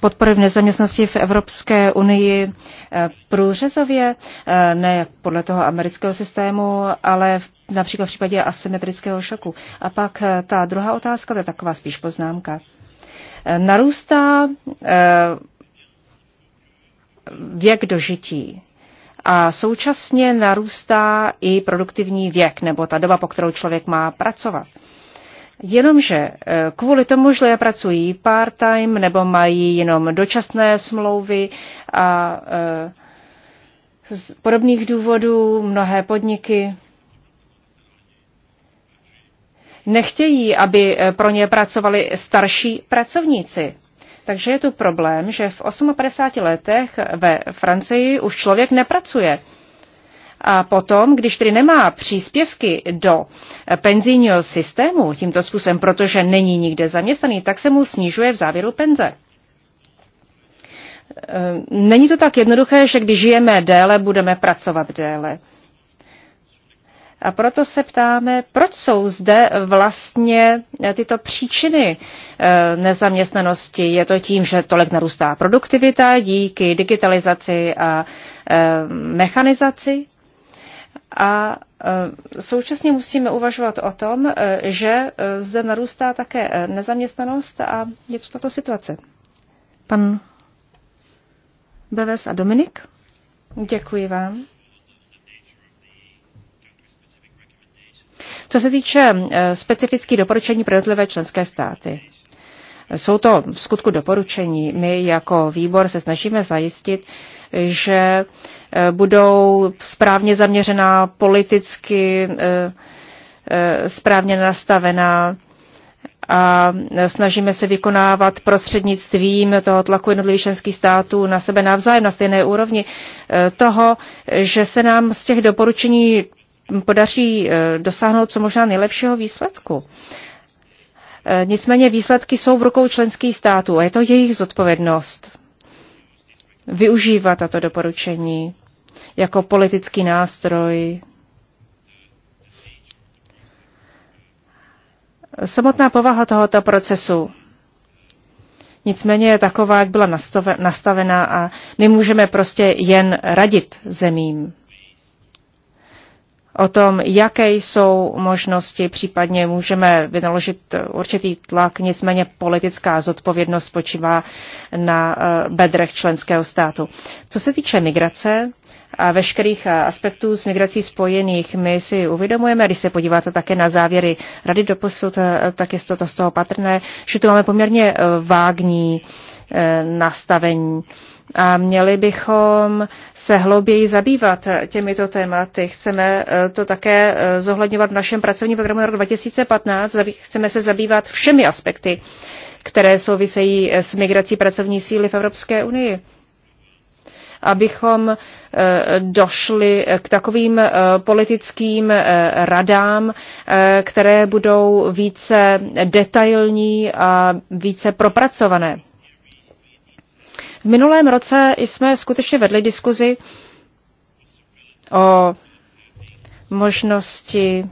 podpory v nezaměstnosti v Evropské unii eh, průřezově, eh, ne podle toho amerického systému, ale v, například v případě asymetrického šoku. A pak ta druhá otázka, to je taková spíš poznámka. Narůstá věk dožití a současně narůstá i produktivní věk, nebo ta doba, po kterou člověk má pracovat. Jenomže eh, kvůli tomu, že pracují part-time nebo mají jenom dočasné smlouvy a eh, z podobných důvodů mnohé podniky nechtějí, aby eh, pro ně pracovali starší pracovníci. Takže je tu problém, že v 58 letech ve Francii už člověk nepracuje. A potom, když tedy nemá příspěvky do penzijního systému tímto způsobem, protože není nikde zaměstnaný, tak se mu snižuje v závěru penze. E, není to tak jednoduché, že když žijeme déle, budeme pracovat déle. A proto se ptáme, proč jsou zde vlastně tyto příčiny e, nezaměstnanosti. Je to tím, že tolik narůstá produktivita díky digitalizaci a e, mechanizaci? A e, současně musíme uvažovat o tom, e, že e, zde narůstá také nezaměstnanost a je to tato situace. Pan Beves a Dominik, děkuji vám. Co se týče specifických doporučení pro jednotlivé členské státy, jsou to v skutku doporučení. My jako výbor se snažíme zajistit, že eh, budou správně zaměřená politicky, eh, eh, správně nastavená a snažíme se vykonávat prostřednictvím toho tlaku jednotlivých členských států na sebe navzájem na stejné úrovni toho, že se nám z těch doporučení podaří dosáhnout co možná nejlepšího výsledku. Nicméně výsledky jsou v rukou členských států a je to jejich zodpovědnost využívat tato doporučení jako politický nástroj. Samotná povaha tohoto procesu nicméně je taková, jak byla nastavena a my můžeme prostě jen radit zemím o tom, jaké jsou možnosti, případně můžeme vynaložit určitý tlak, nicméně politická zodpovědnost spočívá na eh, bedrech členského státu. Co se týče migrace, a veškerých eh, aspektů s migrací spojených. My si uvědomujeme, když se podíváte také na závěry Rady posud, eh, tak je to, to z toho patrné, že tu máme poměrně vágní nastavení a měli bychom se hlouběji zabývat těmito tématy. Chceme eh, to také eh, zohledňovat v našem pracovním programu na rok 2015. Chceme se zabývat všemi aspekty, které souvisejí eh, s migrací pracovní síly v Evropské unii abychom došli k takovým politickým radám, které budou více detailní a více propracované. V minulém roce jsme skutečně vedli diskuzi o možnosti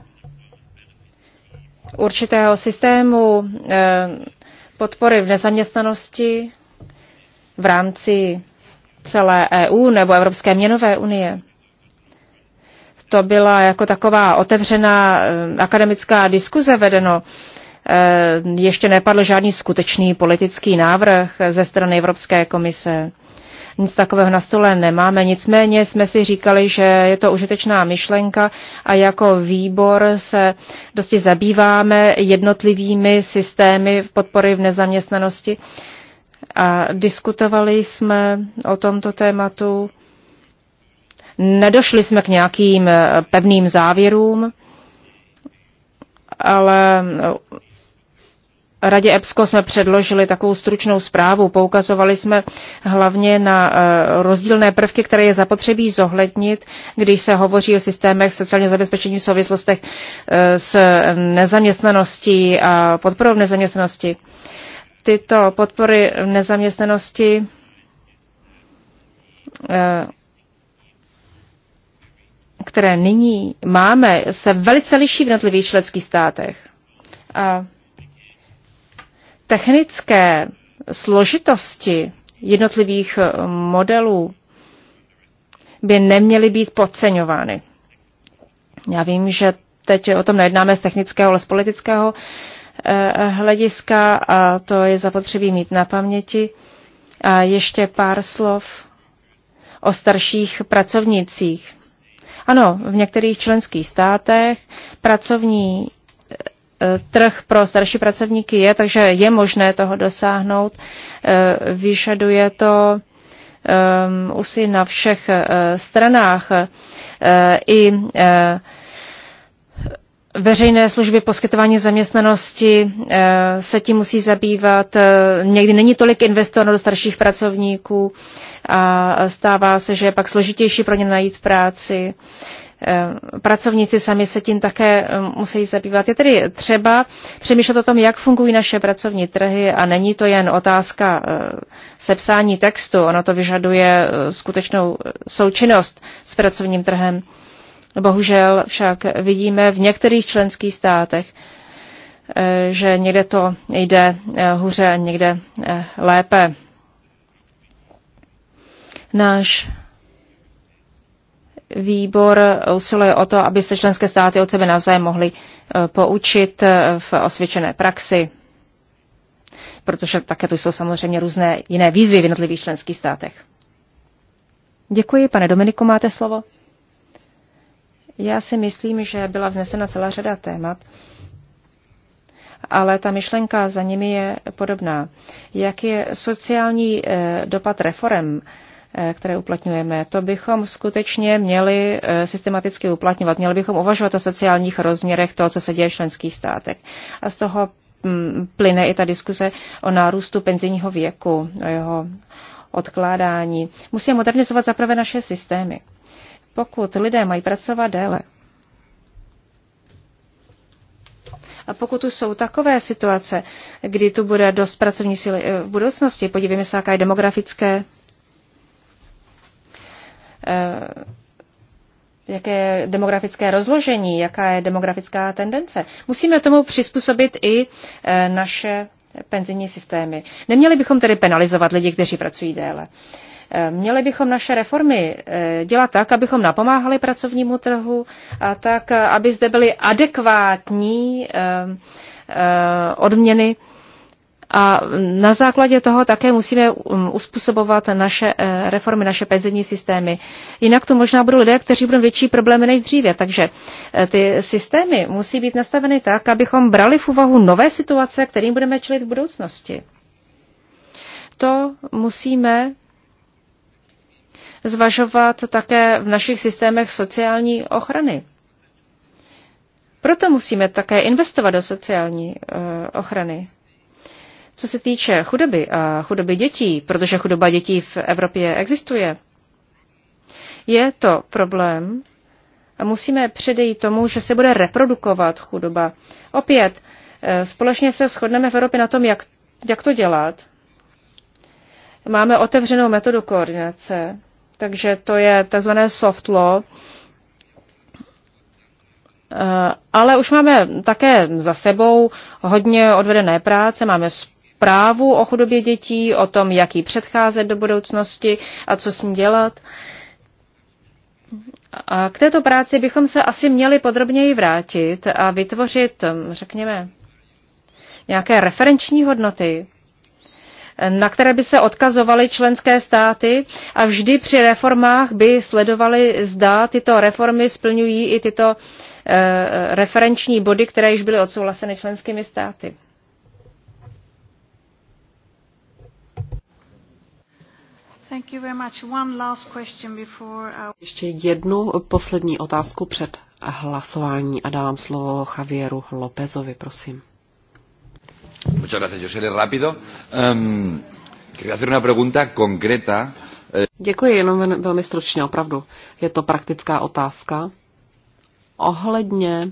určitého systému eh, podpory v nezaměstnanosti v rámci celé EU nebo Evropské měnové unie. To byla jako taková otevřená eh, akademická diskuze vedeno Eh, ještě nepadl žádný skutečný politický návrh ze strany Evropské komise. Nic takového na stole nemáme, nicméně jsme si říkali, že je to užitečná myšlenka a jako výbor se dosti zabýváme jednotlivými systémy podpory v nezaměstnanosti a diskutovali jsme o tomto tématu. Nedošli jsme k nějakým pevným závěrům, ale Radě EPSCO jsme předložili takovou stručnou zprávu. Poukazovali jsme hlavně na eh, rozdílné prvky, které je zapotřebí zohlednit, když se hovoří o systémech sociálního zabezpečení v souvislostech eh, s nezaměstnaností a podporou nezaměstnanosti. Tyto podpory nezaměstnanosti eh, které nyní máme, se velice liší v jednotlivých členských státech. A technické složitosti jednotlivých eh, modelů by neměly být podceňovány. Já vím, že teď o tom nejednáme z technického, ale z politického eh, hlediska a to je zapotřebí mít na paměti. A ještě pár slov o starších pracovnicích. Ano, v některých členských státech pracovní E, trh pro starší pracovníky je, takže je možné toho dosáhnout. E, vyžaduje to usi e, na všech stranách i veřejné služby poskytování zaměstnanosti se tím musí zabývat. Někdy není tolik investováno do starších pracovníků a stává se, že je pak složitější pro ně najít práci. Eh, pracovníci sami se tím také eh, musí zabývat. Je tedy třeba přemýšlet o tom, jak fungují naše pracovní trhy a není to jen otázka eh, sepsání textu, ono to vyžaduje skutečnou součinnost s pracovním trhem. Bohužel však vidíme v některých členských státech, že někde to jde hůře a někde lépe. Náš Výbor usiluje o to, aby se členské státy od sebe navzájem mohly e, poučit e, v osvědčené praxi, protože také tu jsou samozřejmě různé jiné výzvy v jednotlivých členských státech. Děkuji, pane Dominiku, máte slovo. Já si myslím, že byla vznesena celá řada témat, ale ta myšlenka za nimi je podobná. Jak je sociální e, dopad reform? Eh, které uplatňujeme. To bychom skutečně měli eh, systematicky uplatňovat. Měli bychom uvažovat o sociálních rozměrech toho, co se děje v členských státech. A z toho mm, plyne i ta diskuse o nárůstu penzijního věku, o jeho odkládání. Musíme modernizovat zaprvé naše systémy. Pokud lidé mají pracovat déle, A pokud tu jsou takové situace, kdy tu bude dost pracovní síly eh, v budoucnosti, podívejme se, jaká je demografické Eh, jaké je demografické rozložení, jaká je demografická tendence. Musíme tomu přizpůsobit i eh, naše penzijní systémy. Neměli bychom tedy penalizovat lidi, kteří pracují déle. Eh, měli bychom naše reformy dělat tak, abychom napomáhali pracovnímu trhu a tak, aby zde byly adekvátní odměny a na základě toho také musíme um, uspůsobovat naše eh, reformy, naše penzijní systémy. Jinak to možná budou lidé, kteří budou větší problémy než dříve. Takže eh, ty systémy musí být nastaveny tak, abychom brali v úvahu nové situace, kterým budeme čelit v budoucnosti. To musíme zvažovat také v našich systémech sociální ochrany. Proto musíme také investovat do sociální eh, ochrany. Co se týče chudoby a chudoby dětí, protože chudoba dětí v Evropě existuje, je to problém a musíme předejít tomu, že se bude reprodukovat chudoba. Opět, eh, společně se shodneme v Evropě na tom, jak, jak to dělat. Máme otevřenou metodu koordinace, takže to je tzv. soft law, eh, ale už máme také za sebou hodně odvedené práce, máme zprávu o chudobě dětí, o tom, jak ji předcházet do budoucnosti a co s ní dělat. A k této práci bychom se asi měli podrobněji vrátit a vytvořit, řekněme, nějaké referenční hodnoty, na které by se odkazovaly členské státy a vždy při reformách by sledovaly, zda tyto reformy splňují i tyto eh, referenční body, které již byly odsouhlaseny členskými státy. Thank you very much. One last question before... Uh, Ještě jednu poslední otázku před hlasování a dávám slovo Javieru Lópezovi, prosím. Muchas gracias. Yo seré rápido. Um, quería hacer una pregunta concreta. Děkuji, jenom velmi stručně, opravdu. Je to praktická otázka. Ohledně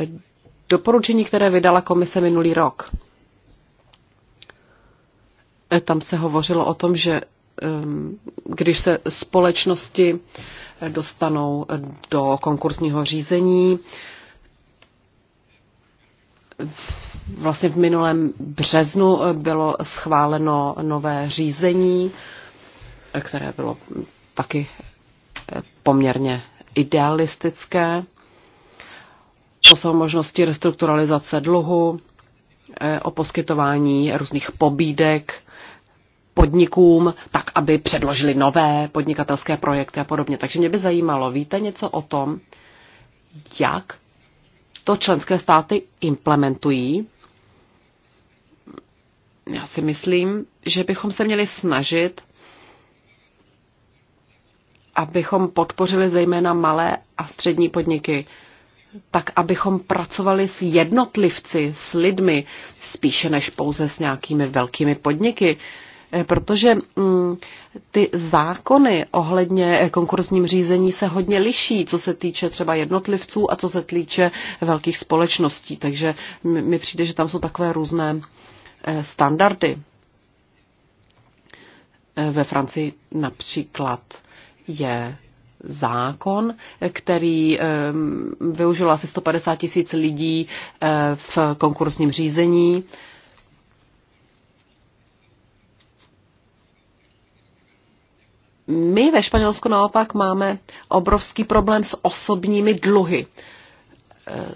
eh, doporučení, které vydala komise minulý rok. Eh, tam se hovořilo o tom, že Ehm, když se společnosti dostanou do konkursního řízení. Vlastně v minulém březnu bylo schváleno nové řízení, které bylo taky poměrně idealistické. To jsou možnosti restrukturalizace dluhu, eh, o poskytování různých pobídek podnikům, tak aby předložili nové podnikatelské projekty a podobně. Takže mě by zajímalo, víte něco o tom, jak to členské státy implementují? Já si myslím, že bychom se měli snažit, abychom podpořili zejména malé a střední podniky, tak abychom pracovali s jednotlivci, s lidmi, spíše než pouze s nějakými velkými podniky protože mm, ty zákony ohledně konkurzním řízení se hodně liší, co se týče třeba jednotlivců a co se týče velkých společností. Takže mi přijde, že tam jsou takové různé eh, standardy. Eh, ve Francii například je zákon, který eh, využilo asi 150 tisíc lidí v konkursním řízení My ve Španělsku naopak máme obrovský problém s osobními dluhy. E,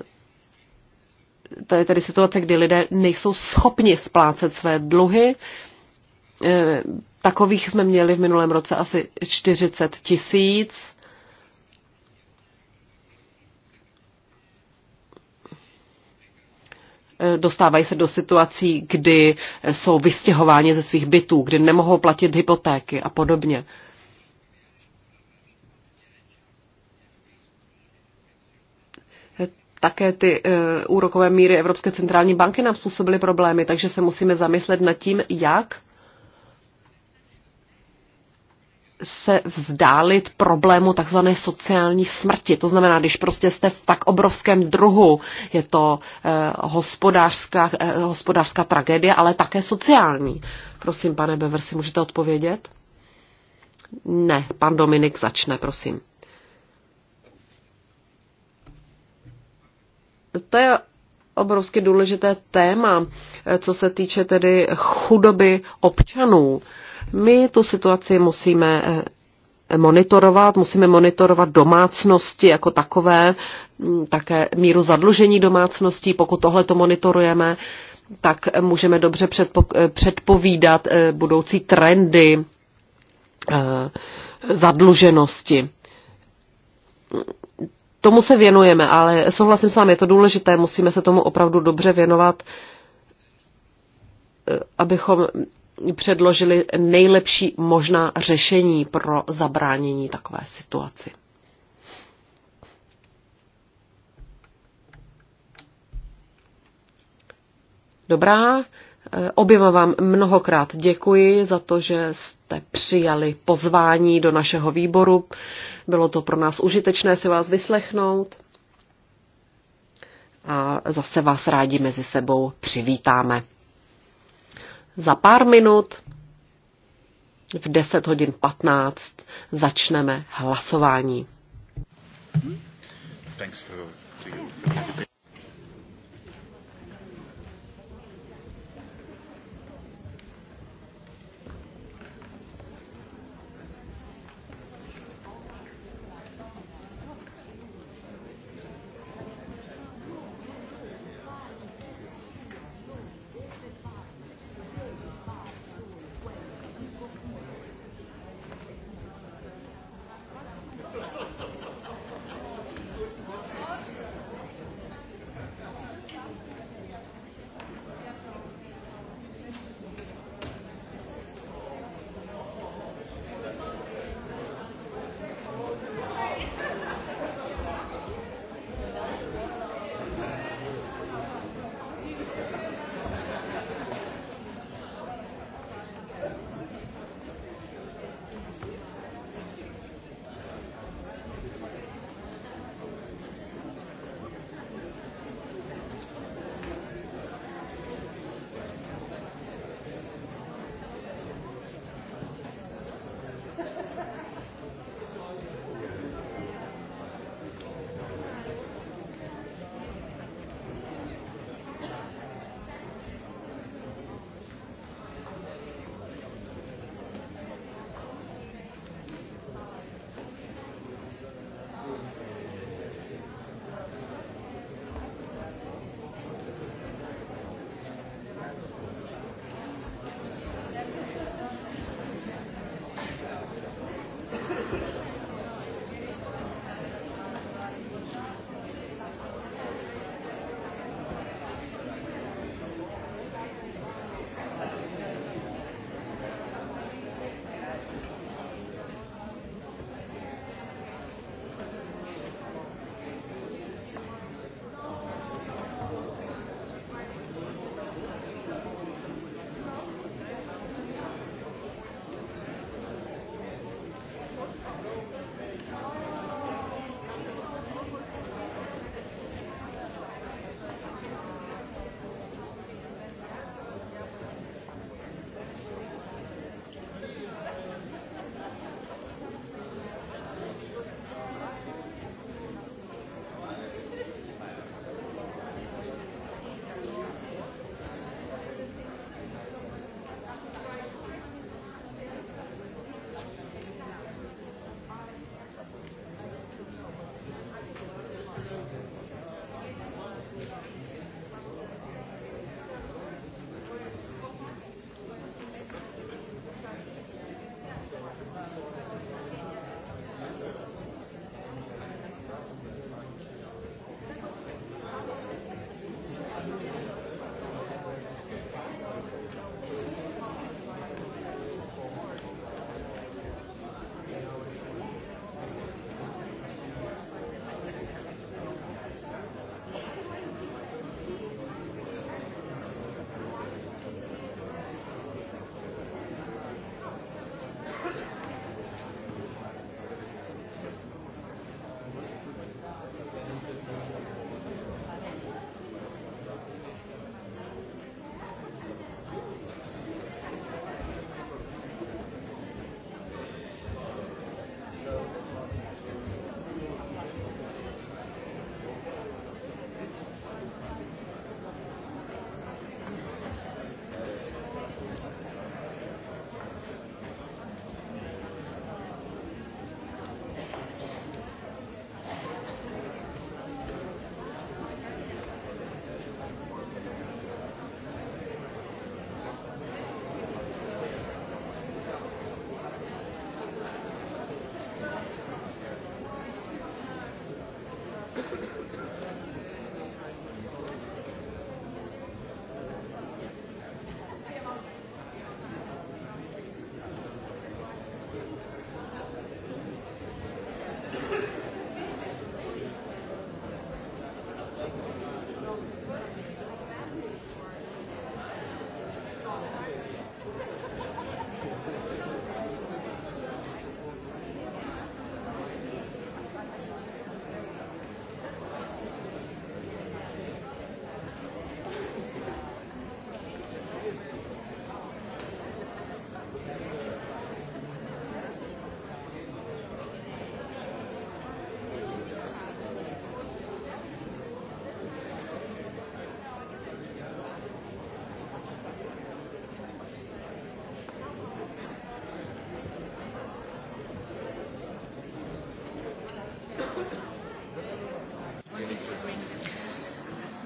to je tedy situace, kdy lidé nejsou schopni splácet své dluhy. E, takových jsme měli v minulém roce asi 40 tisíc. E, dostávají se do situací, kdy jsou vystěhováni ze svých bytů, kdy nemohou platit hypotéky a podobně. Uh, také ty eh, úrokové míry Evropské centrální banky nám způsobily problémy, takže se musíme zamyslet nad tím, jak se vzdálit problému takzvané sociální smrti. To znamená, když prostě jste v tak obrovském druhu, je to eh, hospodářská, eh, hospodářská tragédie, ale také sociální. Prosím, pane Beversi, můžete odpovědět? Ne, pan Dominik začne, prosím. To je obrovsky důležité téma, co se týče tedy chudoby občanů. My tu situaci musíme eh, monitorovat, musíme monitorovat domácnosti jako takové, mm, také míru zadlužení domácností. Pokud tohle to monitorujeme, tak můžeme dobře eh, předpovídat eh, budoucí trendy zadluženosti tomu se věnujeme, ale souhlasím s vámi, je to důležité, musíme se tomu opravdu dobře věnovat, eh, abychom předložili nejlepší možná řešení pro zabránění takové situaci. Dobrá, eh, oběma vám mnohokrát děkuji za to, že jste přijali pozvání do našeho výboru. Bylo to pro nás užitečné si vás vyslechnout a zase vás rádi mezi sebou přivítáme. Za pár minut v 10 hodin 15 začneme hlasování. Hmm? Thanks for, to you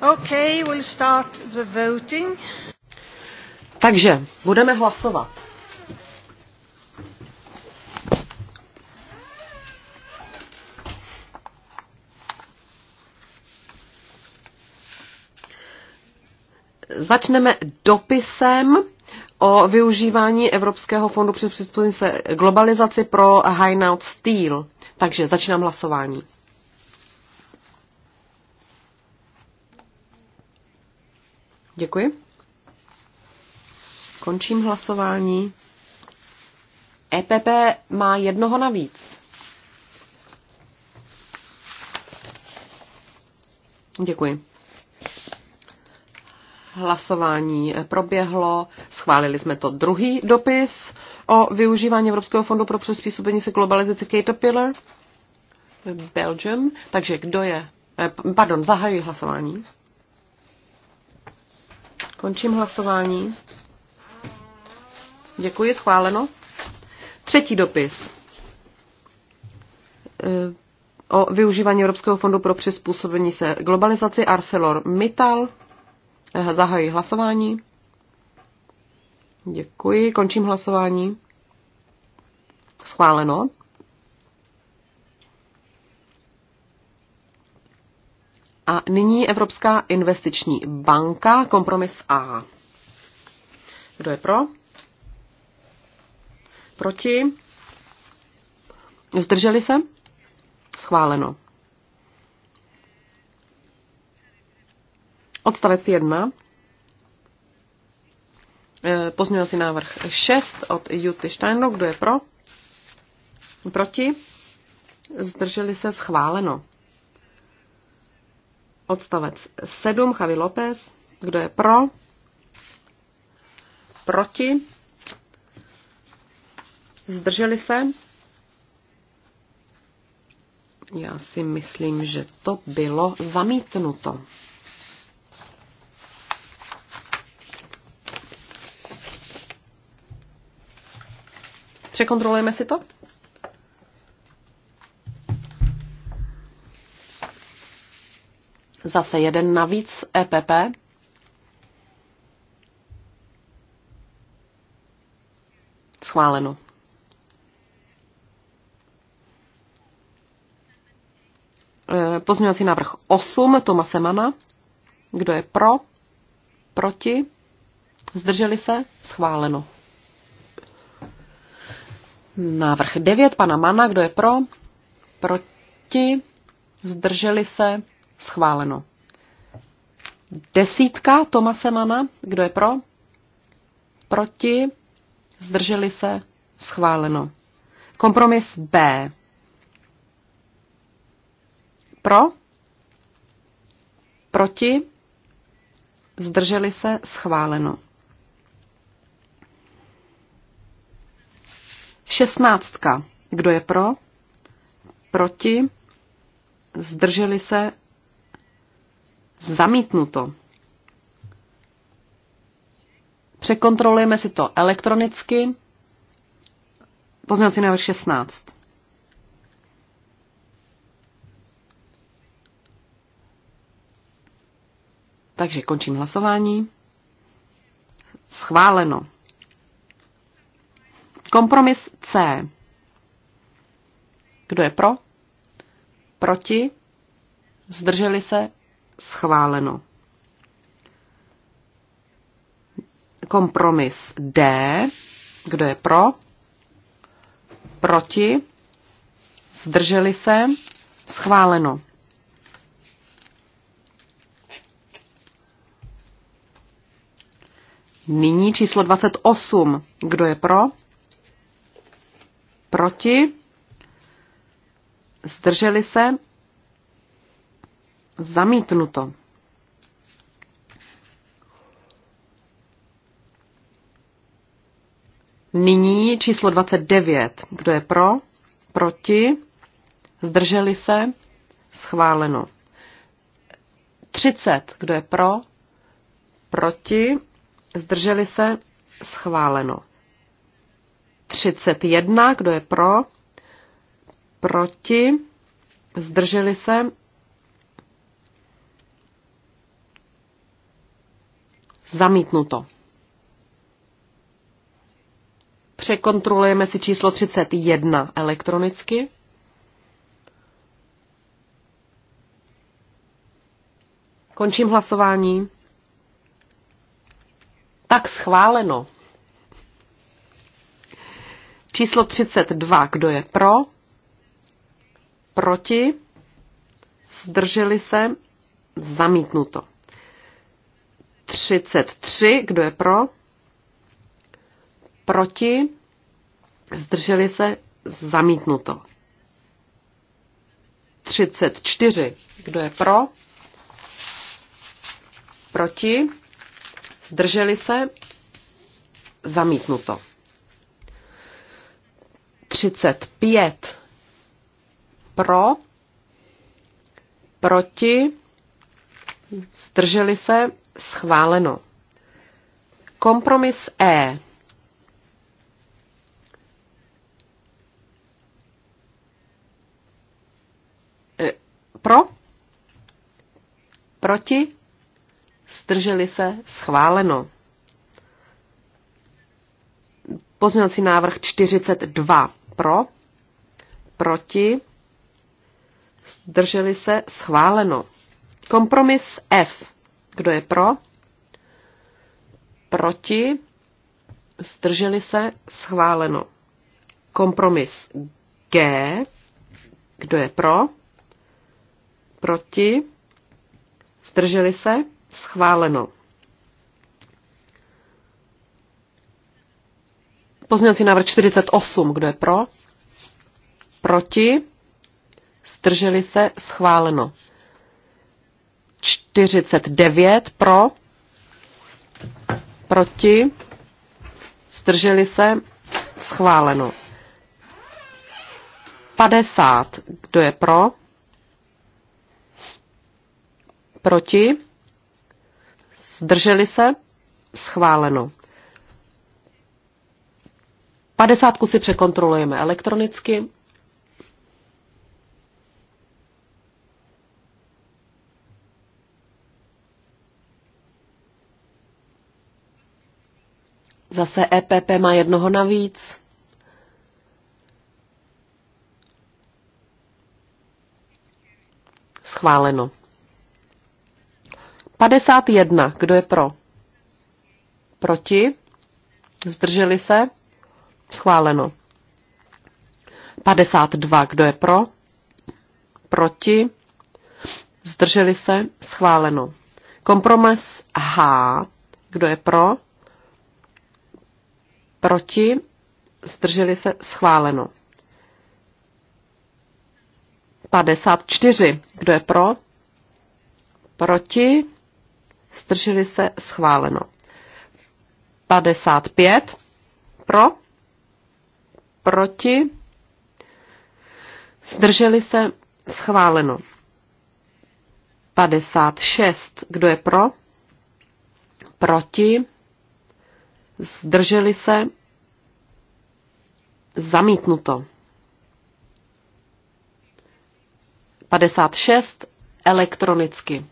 Okay, we'll start the voting. Takže budeme hlasovat. Začneme dopisem o využívání Evropského fondu při se globalizaci pro High Steel. Takže začínám hlasování. Děkuji. Končím hlasování. EPP má jednoho navíc. Děkuji. Hlasování proběhlo, schválili jsme to druhý dopis o využívání Evropského fondu pro přizpůsobení se globalizaci Caterpillar Belgium. Takže kdo je? Eh, pardon, zahajuji hlasování. Končím hlasování. Děkuji, schváleno. Třetí dopis e, o využívání Evropského fondu pro přizpůsobení se globalizaci Arcelor Mittal. E, Zahají hlasování. Děkuji, končím hlasování. Schváleno. A nyní Evropská investiční banka, kompromis A. Kdo je pro? Proti? Zdrželi se? Schváleno. Odstavec 1. E, pozměňovací návrh 6 od Juty Steinlo. Kdo je pro? Proti? Zdrželi se schváleno. Odstavec 7, Javi López. Kdo je pro? Proti? Zdrželi se? Já si myslím, že to bylo zamítnuto. Překontrolujeme si to? Zase jeden navíc EPP. Schváleno. E, pozměňovací návrh 8 Toma Mana. Kdo je pro? Proti? Zdrželi se? Schváleno. Návrh 9 pana Mana. Kdo je pro? Proti? Zdrželi se? Schváleno. Desítka Tomase Mana. Kdo je pro? Proti? Zdrželi se? Schváleno. Kompromis B. Pro? Proti? Zdrželi se? Schváleno. Šestnáctka. Kdo je pro? Proti? Zdrželi se? Zamítnuto. Překontrolujeme si to elektronicky. Pozměňovací návrh 16. Takže končím hlasování. Schváleno. Kompromis C. Kdo je pro? Proti? Zdrželi se? schváleno. Kompromis D. Kdo je pro? Proti? Zdrželi se? Schváleno. Nyní číslo 28. Kdo je pro? Proti? Zdrželi se? Zamítnuto. Nyní číslo 29. Kdo je pro? Proti? Zdrželi se? Schváleno. 30. Kdo je pro? Proti? Zdrželi se? Schváleno. 31. Kdo je pro? Proti? Zdrželi se? Zamítnuto. Překontrolujeme si číslo 31 elektronicky. Končím hlasování. Tak schváleno. Číslo 32. Kdo je pro? Proti? Zdrželi se? Zamítnuto. 33. Kdo je pro? Proti? Zdrželi se? Zamítnuto. 34. Kdo je pro? Proti? Zdrželi se? Zamítnuto. 35. Pro? Proti? Zdrželi se? schváleno. Kompromis E. e pro? Proti? Strželi se? Schváleno. Pozměňovací návrh 42. Pro? Proti? Drželi se? Schváleno. Kompromis F. Kdo je pro? Proti? Zdrželi se? Schváleno. Kompromis G. Kdo je pro? Proti? Zdrželi se? Schváleno. Pozměňovací návrh 48. Kdo je pro? Proti? Zdrželi se? Schváleno. 49 pro, proti, zdrželi se, schváleno. 50, kdo je pro, proti, zdrželi se, schváleno. 50 si překontrolujeme elektronicky. Zase EPP má jednoho navíc. Schváleno. 51. Kdo je pro? Proti? Zdrželi se? Schváleno. 52. Kdo je pro? Proti? Zdrželi se? Schváleno. Kompromis H. Kdo je pro? proti, zdrželi se, schváleno. 54. Kdo je pro? Proti? Zdrželi se? Schváleno. 55. Pro? Proti? Zdrželi se? Schváleno. 56. Kdo je pro? Proti? zdrželi se, zamítnuto. 56 elektronicky.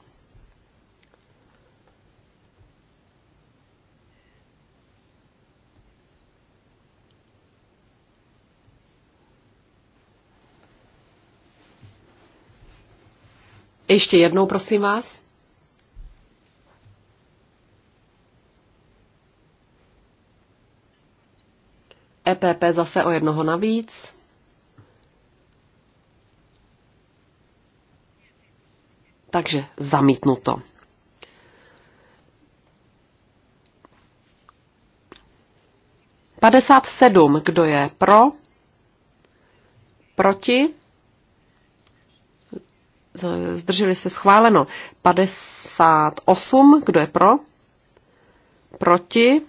Ještě jednou, prosím vás. EPP zase o jednoho navíc. Takže zamítnuto. Padesát sedm, kdo je pro? Proti? Zdrželi se schváleno. 58, kdo je pro? Proti?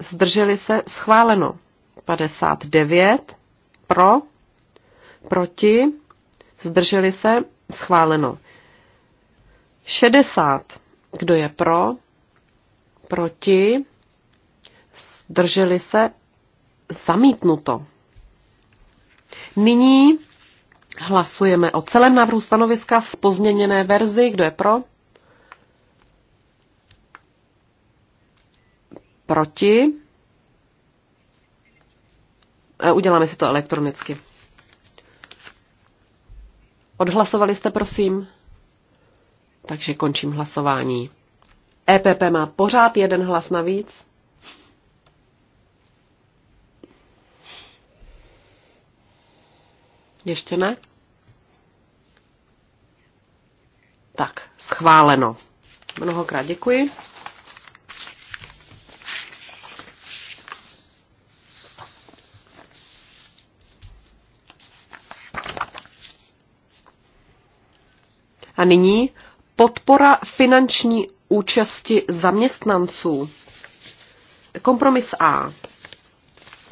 zdrželi se, schváleno. 59 pro, proti, zdrželi se, schváleno. 60, kdo je pro, proti, zdrželi se, zamítnuto. Nyní hlasujeme o celém návrhu stanoviska z pozměněné verzi. Kdo je pro? proti. E, uděláme si to elektronicky. Odhlasovali jste, prosím? Takže končím hlasování. EPP má pořád jeden hlas navíc. Ještě ne? Tak, schváleno. Mnohokrát děkuji. A nyní podpora finanční účasti zaměstnanců. Kompromis A.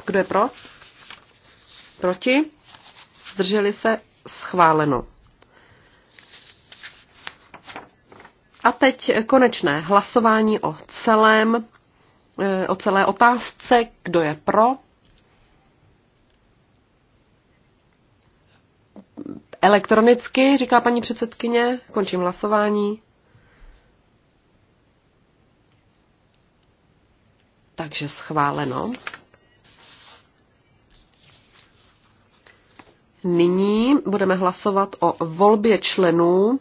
Kdo je pro? Proti? Zdrželi se? Schváleno. A teď konečné hlasování o celém, eh, o celé otázce, kdo je pro, elektronicky, říká paní předsedkyně. Končím hlasování. Takže schváleno. Nyní budeme hlasovat o volbě členů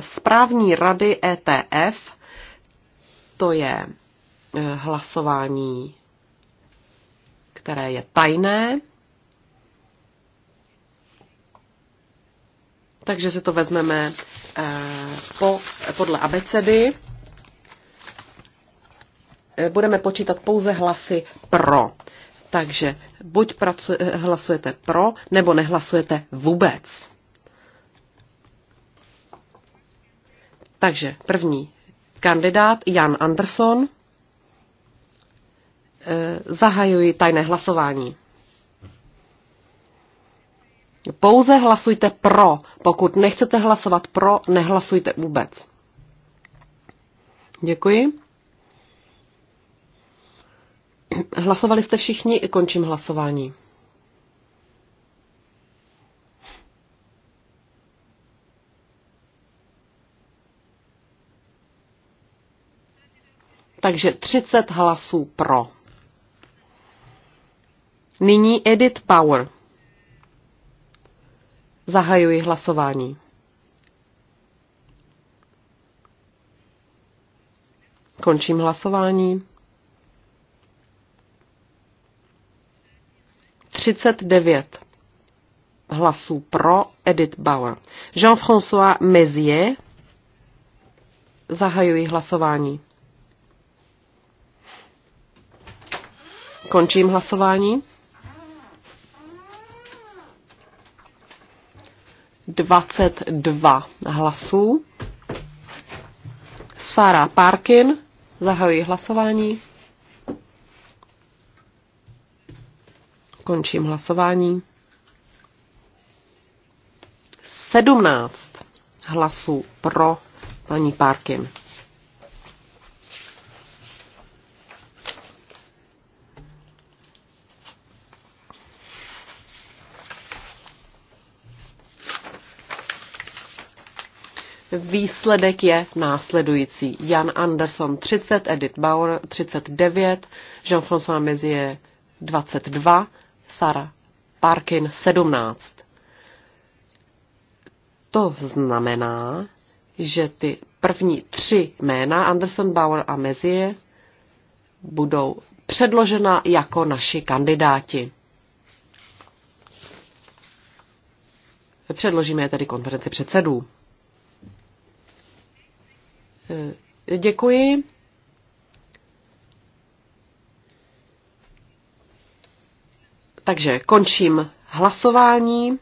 správní rady ETF. To je eh, hlasování, které je tajné. Takže se to vezmeme eh, po, podle abecedy. Eh, budeme počítat pouze hlasy pro. Takže buď pracuje, eh, hlasujete pro, nebo nehlasujete vůbec. Takže první kandidát Jan Anderson. Zahajuji tajné hlasování. Pouze hlasujte pro, pokud nechcete hlasovat pro, nehlasujte vůbec. Děkuji. Hlasovali jste všichni, končím hlasování. Takže 30 hlasů pro. Nyní Edit Power. Zahajuji hlasování. Končím hlasování. 39 hlasů pro Edith Bauer. Jean-François Mézier. Zahajuji hlasování. Končím hlasování. 22 hlasů. Sara Parkin, zahajuji hlasování. Končím hlasování. 17 hlasů pro paní Parkin. Výsledek je následující. Jan Anderson 30, Edith Bauer 39, Jean-François Mézier 22, Sara Parkin 17. To znamená, že ty první tři jména, Anderson, Bauer a Mezie, budou předložena jako naši kandidáti. Předložíme je tedy konferenci předsedů. Eh, děkuji. Takže končím hlasování.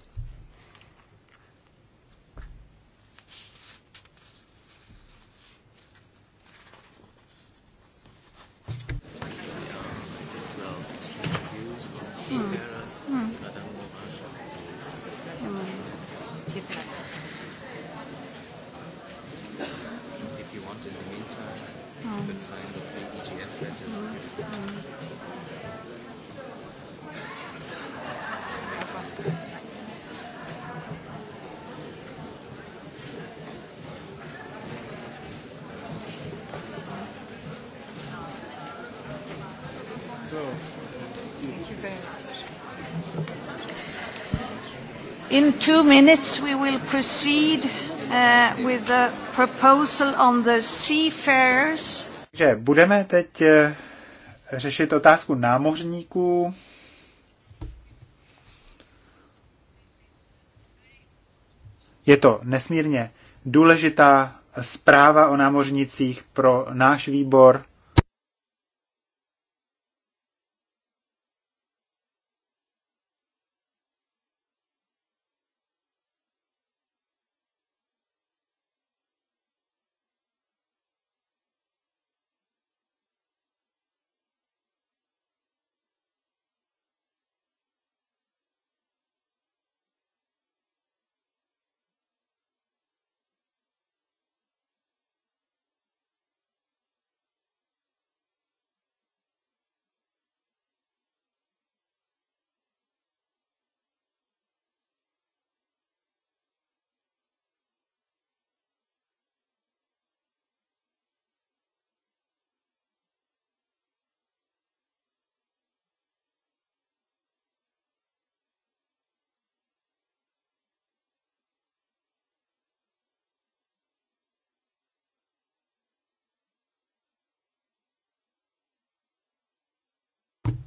minutes we will proceed uh, with the proposal on the seafarers. Že budeme teď eh, řešit otázku námořníků. Je to nesmírně důležitá zpráva o námořnicích pro náš výbor.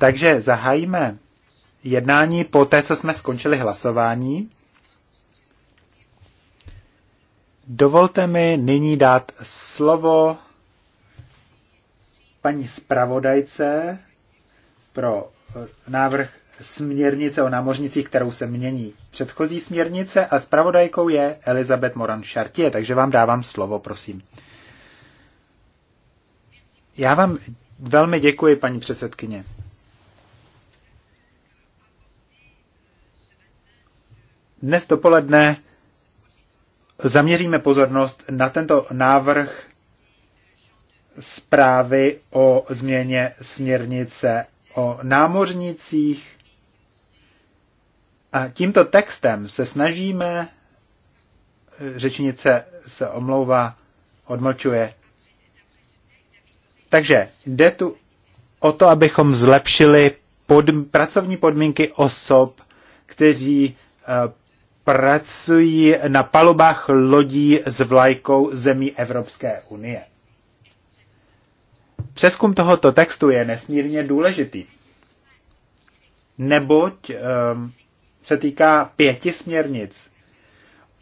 Takže zahájíme jednání po té, co jsme skončili hlasování. Dovolte mi nyní dát slovo paní zpravodajce pro návrh směrnice o námořnicích, kterou se mění předchozí směrnice a zpravodajkou je Elizabeth Moran Chartier, takže vám dávám slovo, prosím. Já vám velmi děkuji, paní předsedkyně. Dnes dopoledne zaměříme pozornost na tento návrh zprávy o změně směrnice o námořnicích. A tímto textem se snažíme, řečnice se omlouvá, odmlčuje. Takže jde tu o to, abychom zlepšili pod, pracovní podmínky osob, kteří eh, pracují na palubách lodí s vlajkou zemí Evropské unie. Přeskum tohoto textu je nesmírně důležitý, neboť um, se týká pěti směrnic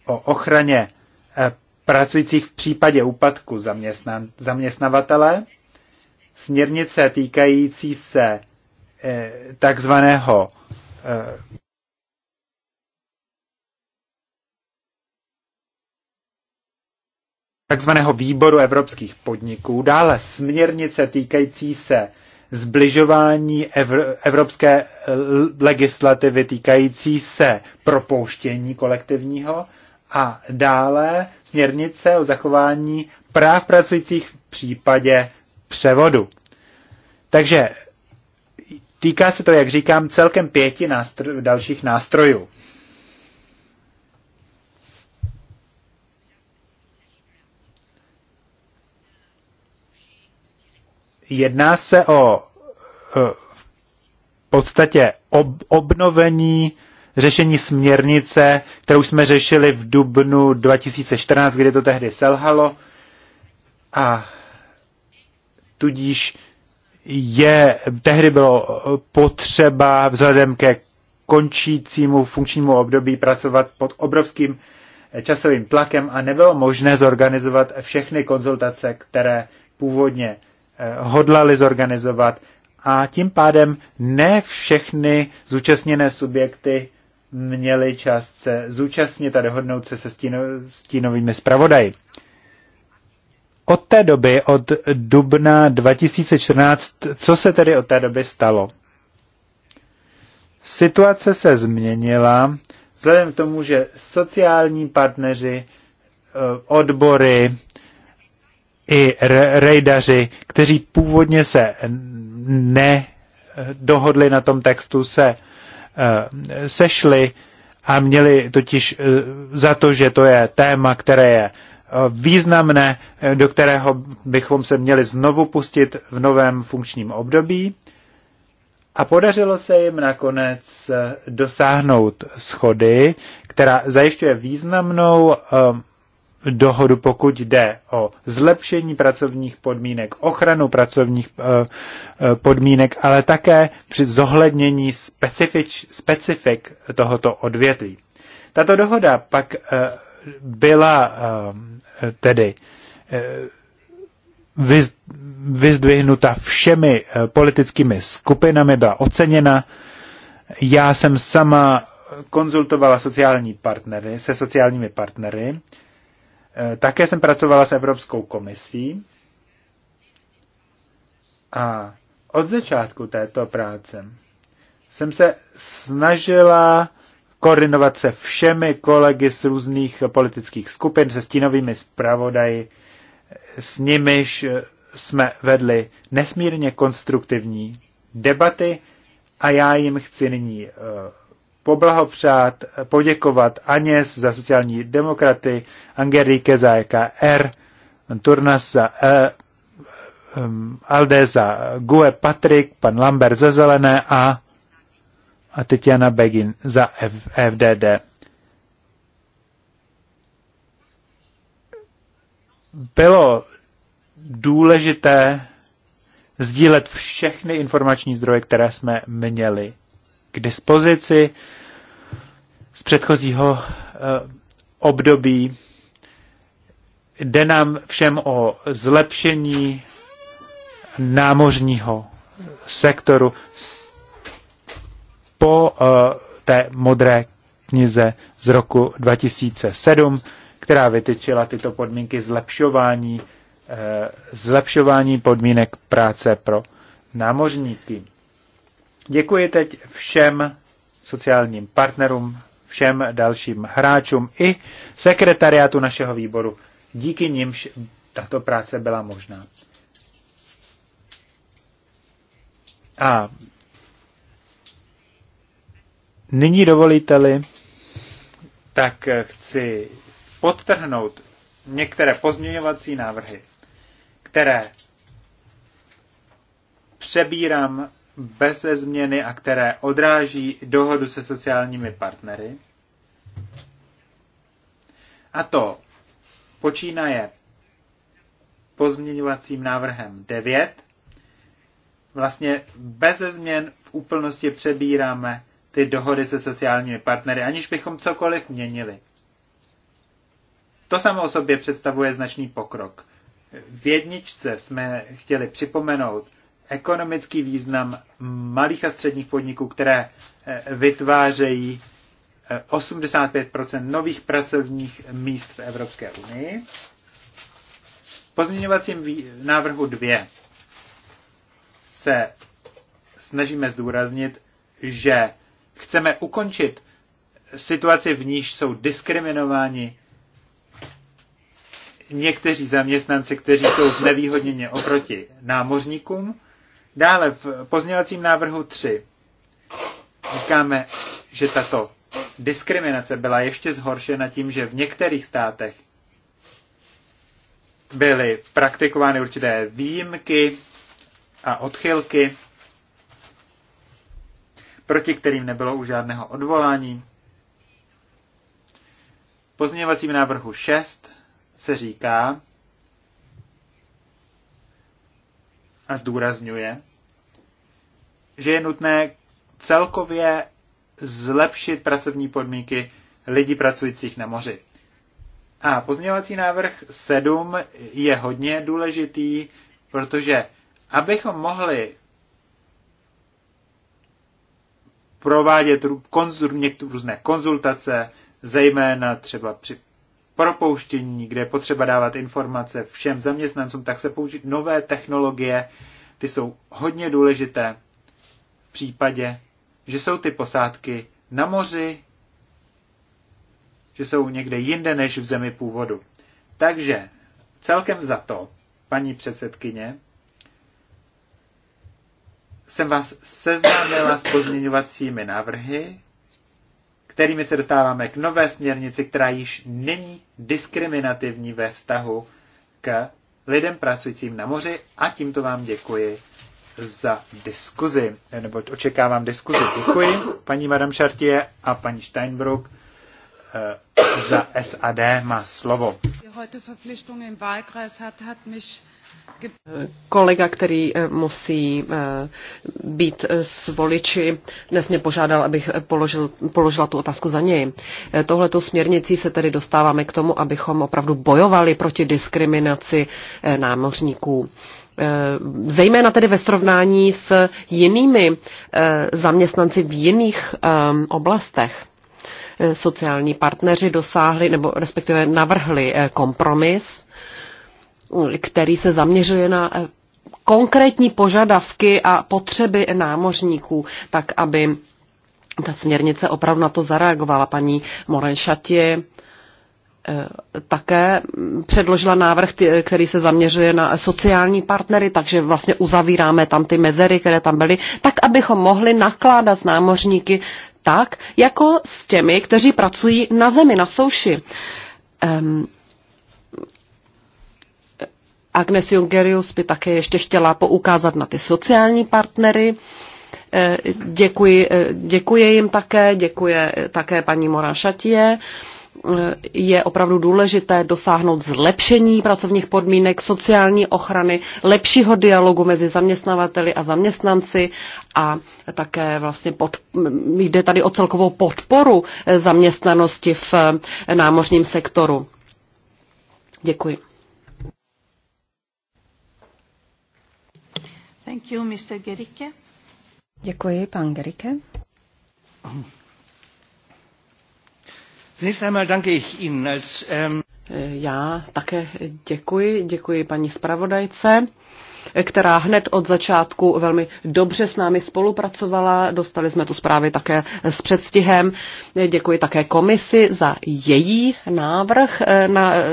o ochraně eh, pracujících v případě úpadku zaměstnan- zaměstnavatele, směrnice týkající se eh, takzvaného eh, takzvaného výboru evropských podniků, dále směrnice týkající se zbližování evropské eh, legislativy týkající se propouštění kolektivního a dále směrnice o zachování práv pracujících v případě převodu. Takže týká se to, jak říkám, celkem pěti nástro- dalších nástrojů. jedná se o eh, v podstatě ob, obnovení řešení směrnice, kterou jsme řešili v dubnu 2014, kdy to tehdy selhalo. A tudíž je, tehdy bylo potřeba vzhledem ke končícímu funkčnímu období pracovat pod obrovským eh, časovým tlakem a nebylo možné zorganizovat všechny konzultace, které původně Eh, hodlali zorganizovat a tím pádem ne všechny zúčastněné subjekty měli čas se zúčastnit a dohodnout se se stíno, stínovými zpravodaji. Od té doby, od dubna 2014, co se tedy od té doby stalo? Situace se změnila vzhledem k tomu, že sociální partneři, eh, odbory, i rejdaři, kteří původně se nedohodli eh, na tom textu, se eh, sešli a měli totiž eh, za to, že to je téma, které je významné, do kterého bychom se měli znovu pustit v novém funkčním období. A podařilo se jim nakonec dosáhnout schody, která zajišťuje významnou dohodu, pokud jde o zlepšení pracovních podmínek, ochranu pracovních eh, eh, podmínek, ale také při zohlednění specifič, specifik tohoto odvětví. Tato dohoda pak eh, byla tedy vyzdvihnuta všemi politickými skupinami, byla oceněna. Já jsem sama konzultovala sociální partnery, se sociálními partnery Eh, také jsem pracovala s Evropskou komisí a od začátku této práce jsem se snažila koordinovat se všemi kolegy z různých politických skupin, se stínovými zpravodaji, s nimiž eh, jsme vedli nesmírně konstruktivní debaty a já jim chci nyní eh, poblahopřát, poděkovat Aněs za sociální demokraty, Angerike za EKR, Turnas za e, um, Alde za GUE Patrik, pan Lambert za Zelené a, a Tetiana Begin za F, FDD. Bylo důležité sdílet všechny informační zdroje, které jsme měli k dispozici z předchozího eh, období. Jde nám všem o zlepšení námořního sektoru po eh, té modré knize z roku 2007, která vytyčila tyto podmínky zlepšování, eh, zlepšování podmínek práce pro námořníky. Děkuji teď všem sociálním partnerům, všem dalším hráčům i sekretariátu našeho výboru. Díky nimž tato práce byla možná. A nyní dovolíte-li, tak chci podtrhnout některé pozměňovací návrhy, které přebírám bez změny a které odráží dohodu se sociálními partnery. A to počínaje pozměňovacím návrhem 9. Vlastně bez změn v úplnosti přebíráme ty dohody se sociálními partnery, aniž bychom cokoliv měnili. To samo o sobě představuje značný pokrok. V jedničce jsme chtěli připomenout, ekonomický význam malých a středních podniků, které eh, vytvářejí 85 eh, nových pracovních míst v Evropské unii. pozměňovacím návrhu 2 se snažíme zdůraznit, že chceme ukončit situaci, v níž jsou diskriminováni někteří zaměstnanci, kteří jsou znevýhodněni oproti námořníkům Dále v pozněvacím návrhu 3 říkáme, že tato diskriminace byla ještě zhoršena tím, že v některých státech byly praktikovány určité výjimky a odchylky, proti kterým nebylo už žádného odvolání. V pozměňovacím návrhu 6 se říká, a zdůrazňuje, že je nutné celkově zlepšit pracovní podmínky lidí pracujících na moři. A pozměňovací návrh 7 je hodně důležitý, protože abychom mohli provádět různé konzultace, zejména třeba při propouštění, kde je potřeba dávat informace všem zaměstnancům, tak se použít nové technologie, ty jsou hodně důležité v případě, že jsou ty posádky na moři, že jsou někde jinde než v zemi původu. Takže celkem za to, paní předsedkyně, jsem vás seznámila s pozměňovacími návrhy, kterými se dostáváme k nové směrnici, která již není diskriminativní ve vztahu k lidem pracujícím na moři a tímto vám děkuji za diskuzi, nebo očekávám diskuzi. Děkuji paní Madame Chartier a paní Steinbrook eh, za SAD má slovo. Kolega, který eh, musí eh, být s voliči, dnes mě požádal, abych položil, položila tu otázku za něj. Eh, tohleto směrnicí se tedy dostáváme k tomu, abychom opravdu bojovali proti diskriminaci námořníků zejména tedy ve srovnání s jinými zaměstnanci v jiných oblastech. Sociální partneři dosáhli, nebo respektive navrhli kompromis, který se zaměřuje na eh, konkrétní požadavky a potřeby námořníků, tak aby ta směrnice opravdu na to zareagovala. Paní Morenšatě eh, také předložila návrh, který se zaměřuje na sociální partnery, takže vlastně uzavíráme tam ty mezery, které tam byly, tak abychom mohli nakládat s námořníky tak, jako s těmi, kteří pracují na zemi, na souši. Ehm, Agnes Jungerius by také ještě chtěla poukázat na ty sociální partnery. Eh, děkuji, eh, děkuji jim také, děkuje také paní Mora Šatě. Eh, je opravdu důležité dosáhnout zlepšení pracovních podmínek, sociální ochrany, lepšího dialogu mezi zaměstnavateli a zaměstnanci a také vlastně pod, hm, jde tady o celkovou podporu zaměstnanosti v námořním sektoru. Děkuji. Thank you, Mr. Děkuji, pan Gerike. Zunächst einmal danke ich Ihnen als, ähm... Já také děkuji, děkuji paní zpravodajce která hned od začátku velmi dobře s námi spolupracovala. Dostali jsme tu zprávy také s předstihem. Děkuji také komisi za její návrh eh, na, eh,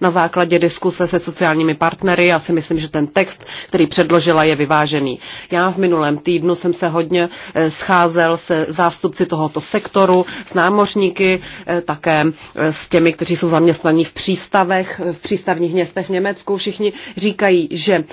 na základě diskuse se sociálními partnery. Já si myslím, že ten text, který předložila, je vyvážený. Já v minulém týdnu jsem se hodně eh, scházel se zástupci tohoto sektoru, s námořníky, také s těmi, kteří jsou zaměstnaní v přístavech, v přístavních městech v Německu. Všichni říkají, že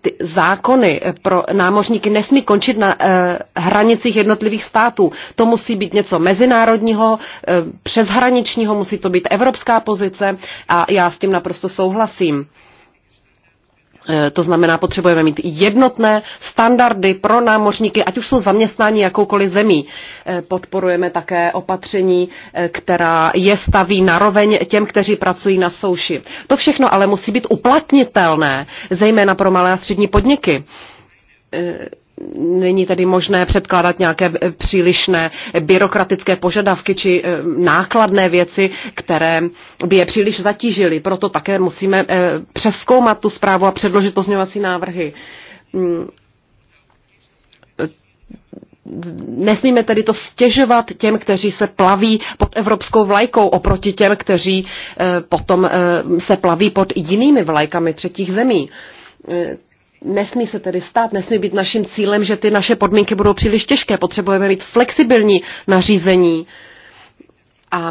ty zákony pro námořníky nesmí končit na eh, hranicích jednotlivých států. To musí být něco mezinárodního, eh, přeshraničního, musí to být evropská pozice a já s tím naprosto souhlasím. Eh, to znamená, potřebujeme mít jednotné standardy pro námořníky, ať už jsou zaměstnání jakoukoliv zemí. Eh, podporujeme také opatření, eh, která je staví naroveň těm, kteří pracují na souši. To všechno ale musí být uplatnitelné, zejména pro malé a střední podniky není tedy možné předkládat nějaké eh, přílišné byrokratické požadavky či eh, nákladné věci, které by je příliš zatížily. Proto také musíme eh, přeskoumat tu zprávu a předložit pozměňovací návrhy. Hmm. Nesmíme tedy to stěžovat těm, kteří se plaví pod evropskou vlajkou oproti těm, kteří potom se plaví pod jinými vlajkami třetích zemí nesmí se tedy stát, nesmí být naším cílem, že ty naše podmínky budou příliš těžké. Potřebujeme mít flexibilní nařízení a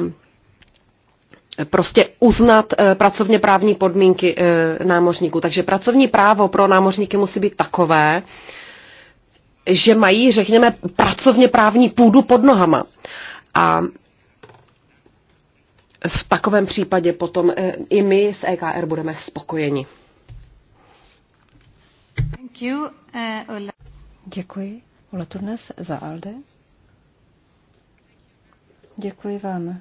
prostě uznat eh, pracovně právní podmínky eh, námořníků. Takže pracovní právo pro námořníky musí být takové, že mají, řekněme, pracovně právní půdu pod nohama. A v takovém případě potom eh, i my z EKR budeme spokojeni. Thank you, uh, Děkuji. Ola Turnes za ALDE. Děkuji vám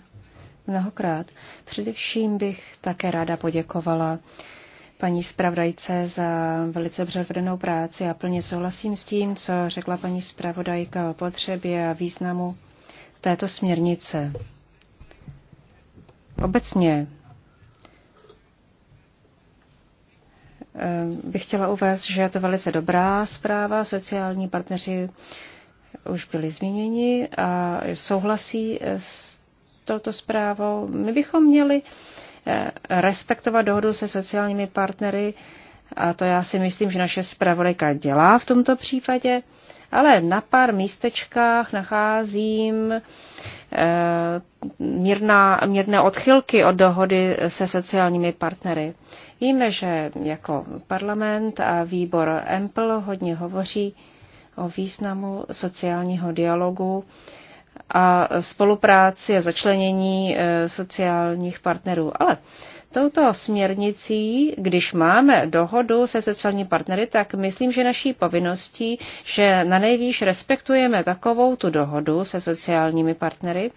mnohokrát. Především bych také ráda poděkovala paní zpravodajce za velice předvedenou práci a plně souhlasím s tím, co řekla paní zpravodajka o potřebě a významu této směrnice. Obecně Eh, bych chtěla uvést, že je to velice dobrá zpráva. Sociální partneři už byli zmíněni a souhlasí eh, s touto zprávou. My bychom měli eh, respektovat dohodu se sociálními partnery a to já si myslím, že naše zpravodajka dělá v tomto případě ale na pár místečkách nacházím eh, mírná, mírné odchylky od dohody se sociálními partnery. Víme, že jako parlament a výbor EMPL hodně hovoří o významu sociálního dialogu a spolupráci a začlenění eh, sociálních partnerů. Ale Touto směrnicí, když máme dohodu se sociální partnery, tak myslím, že naší povinností, že na nejvýš respektujeme takovou tu dohodu se sociálními partnery.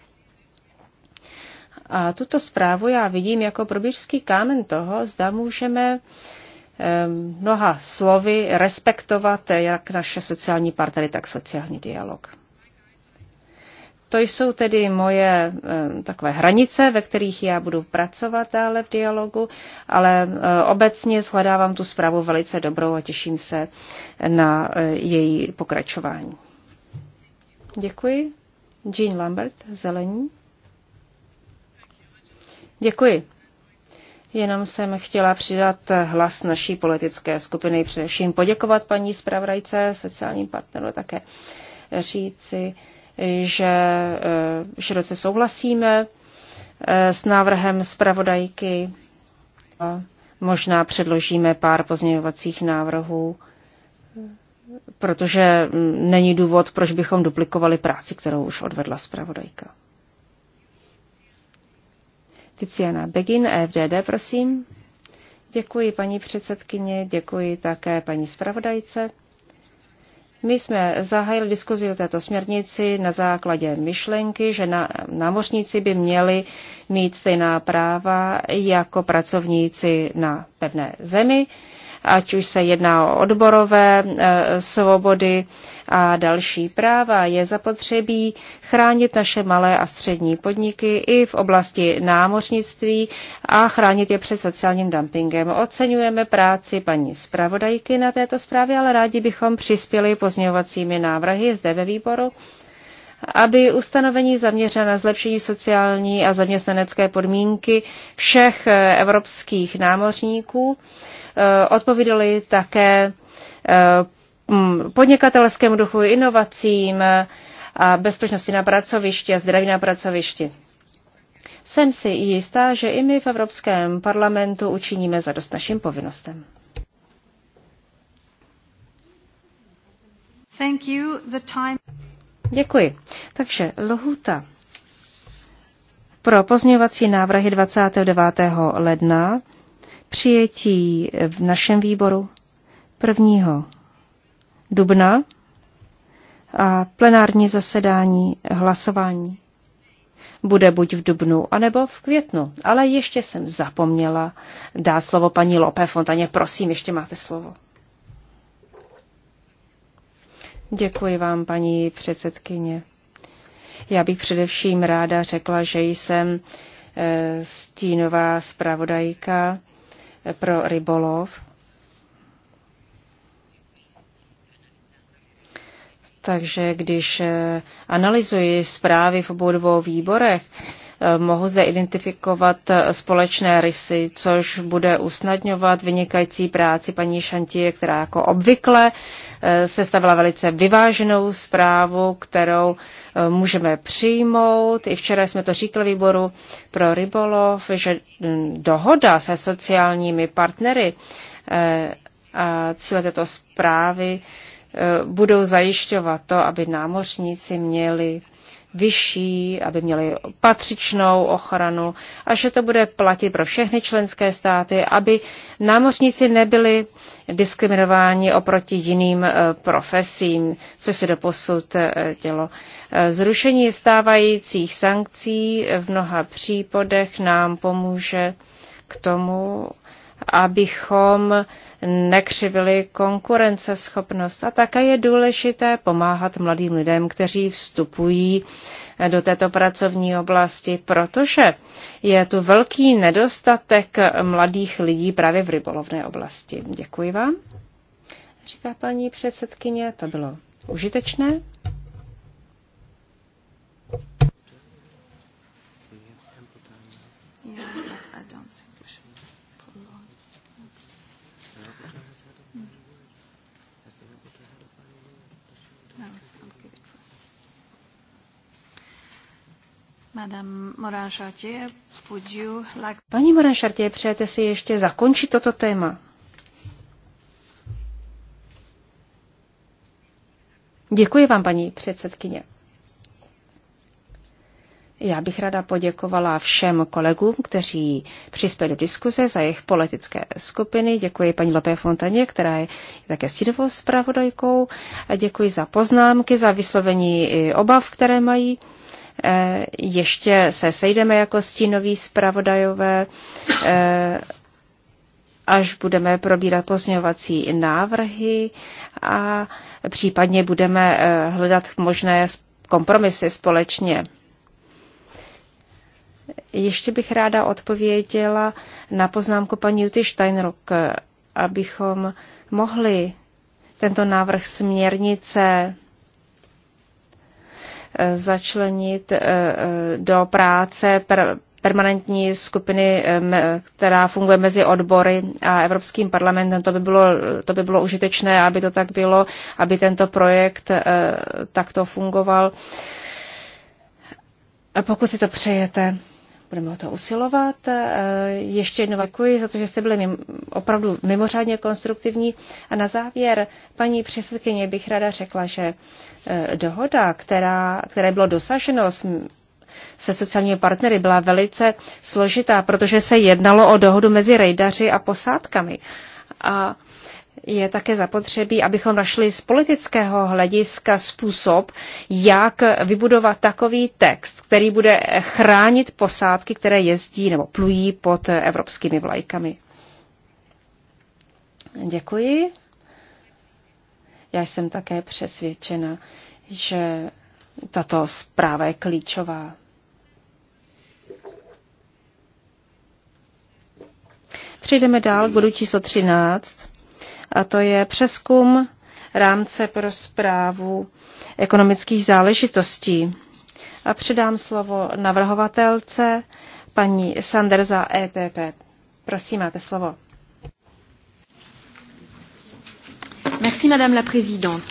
A tuto zprávu já vidím jako probířský kámen toho, zda můžeme mnoha slovy respektovat jak naše sociální partnery, tak sociální dialog. To jsou tedy moje eh, takové hranice, ve kterých já budu pracovat dále v dialogu, ale eh, obecně shledávám tu zprávu velice dobrou a těším se na eh, její pokračování. Děkuji. Jean Lambert, zelení. Děkuji. Jenom jsem chtěla přidat hlas naší politické skupiny, především poděkovat paní zpravodajce, sociálním partneru také říci, že eh, široce souhlasíme eh, s návrhem zpravodajky. Možná předložíme pár pozměňovacích návrhů, protože není důvod, proč bychom duplikovali práci, kterou už odvedla zpravodajka. Tiziana Begin, FDD, e prosím. Děkuji paní předsedkyně, děkuji také paní zpravodajce. My jsme zahájili diskuzi o této směrnici na základě myšlenky, že na, námořníci by měli mít stejná práva jako pracovníci na pevné zemi ať už se jedná o odborové e, svobody a další práva. Je zapotřebí chránit naše malé a střední podniky i v oblasti námořnictví a chránit je před sociálním dumpingem. Oceňujeme práci paní zpravodajky na této zprávě, ale rádi bychom přispěli pozměňovacími návrhy zde ve výboru aby ustanovení zaměřené na zlepšení sociální a zaměstnanecké podmínky všech e, evropských námořníků Eh, odpovídali také eh, mm, podnikatelskému duchu, inovacím eh, a bezpečnosti na pracovišti a zdraví na pracovišti. Jsem si jistá, že i my v Evropském parlamentu učiníme za dost našim povinnostem. Thank you. The time... Děkuji. Takže lhuta pro pozměňovací návrhy 29. ledna přijetí v našem výboru 1. dubna a plenární zasedání hlasování bude buď v dubnu, anebo v květnu. Ale ještě jsem zapomněla dát slovo paní Lope Fontaně. Prosím, ještě máte slovo. Děkuji vám, paní předsedkyně. Já bych především ráda řekla, že jsem eh, stínová zpravodajka pro rybolov. Takže když eh, analyzuji zprávy v obou dvou výborech, Mohu zde identifikovat eh, společné rysy, což bude usnadňovat vynikající práci paní Šantie, která jako obvykle eh, sestavila velice vyváženou zprávu, kterou eh, můžeme přijmout. I včera jsme to říkali výboru pro rybolov, že hm, dohoda se sociálními partnery a cíle této zprávy budou zajišťovat to, aby námořníci měli vyšší, aby měli patřičnou ochranu a že to bude platit pro všechny členské státy, aby námořníci nebyli diskriminováni oproti jiným eh, profesím, co se doposud eh, dělo. Eh, zrušení stávajících sankcí v mnoha případech nám pomůže k tomu, abychom nekřivili konkurenceschopnost. A také je důležité pomáhat mladým lidem, kteří vstupují do této pracovní oblasti, protože je tu velký nedostatek mladých lidí právě v rybolovné oblasti. Děkuji vám. Říká paní předsedkyně, to bylo užitečné. Yeah, I don't see. Paní Moran Šartě, přejete si ještě zakončit toto téma? Děkuji vám, paní předsedkyně. Já bych ráda poděkovala všem kolegům, kteří přispěli do diskuze za jejich politické skupiny. Děkuji paní Lopé Fontaně, která je také stínovou zpravodajkou. Děkuji za poznámky, za vyslovení obav, které mají. Eh, ještě se sejdeme jako stínoví zpravodajové, eh, až budeme probírat pozměňovací návrhy a případně budeme eh, hledat možné kompromisy společně. Ještě bych ráda odpověděla na poznámku paní Juty Steinrock, abychom mohli tento návrh směrnice začlenit eh, eh, do práce permanentní skupiny, která funguje mezi odbory a Evropským parlamentem. To by bylo, to by bylo užitečné, aby to tak bylo, aby tento projekt eh, takto fungoval. Pokud si to přejete. Budeme o to usilovat. Eh, ještě jednou děkuji za to, že jste byli opravdu mimořádně konstruktivní. A na závěr, paní předsedkyně, bych ráda řekla, že eh, dohoda, která, které bylo dosaženo se sociálními partnery, byla velice složitá, protože se jednalo o dohodu mezi rejdaři a posádkami. A je také zapotřebí, abychom našli z politického hlediska způsob, jak vybudovat takový text, který bude chránit posádky, které jezdí nebo plují pod evropskými vlajkami. Děkuji. Já jsem také přesvědčena, že tato zpráva je klíčová. Přejdeme dál k bodu číslo 13 a to je přeskum rámce pro zprávu ekonomických záležitostí. A předám slovo navrhovatelce paní Sanderza EPP. Prosím, máte slovo. Merci, madame la présidente.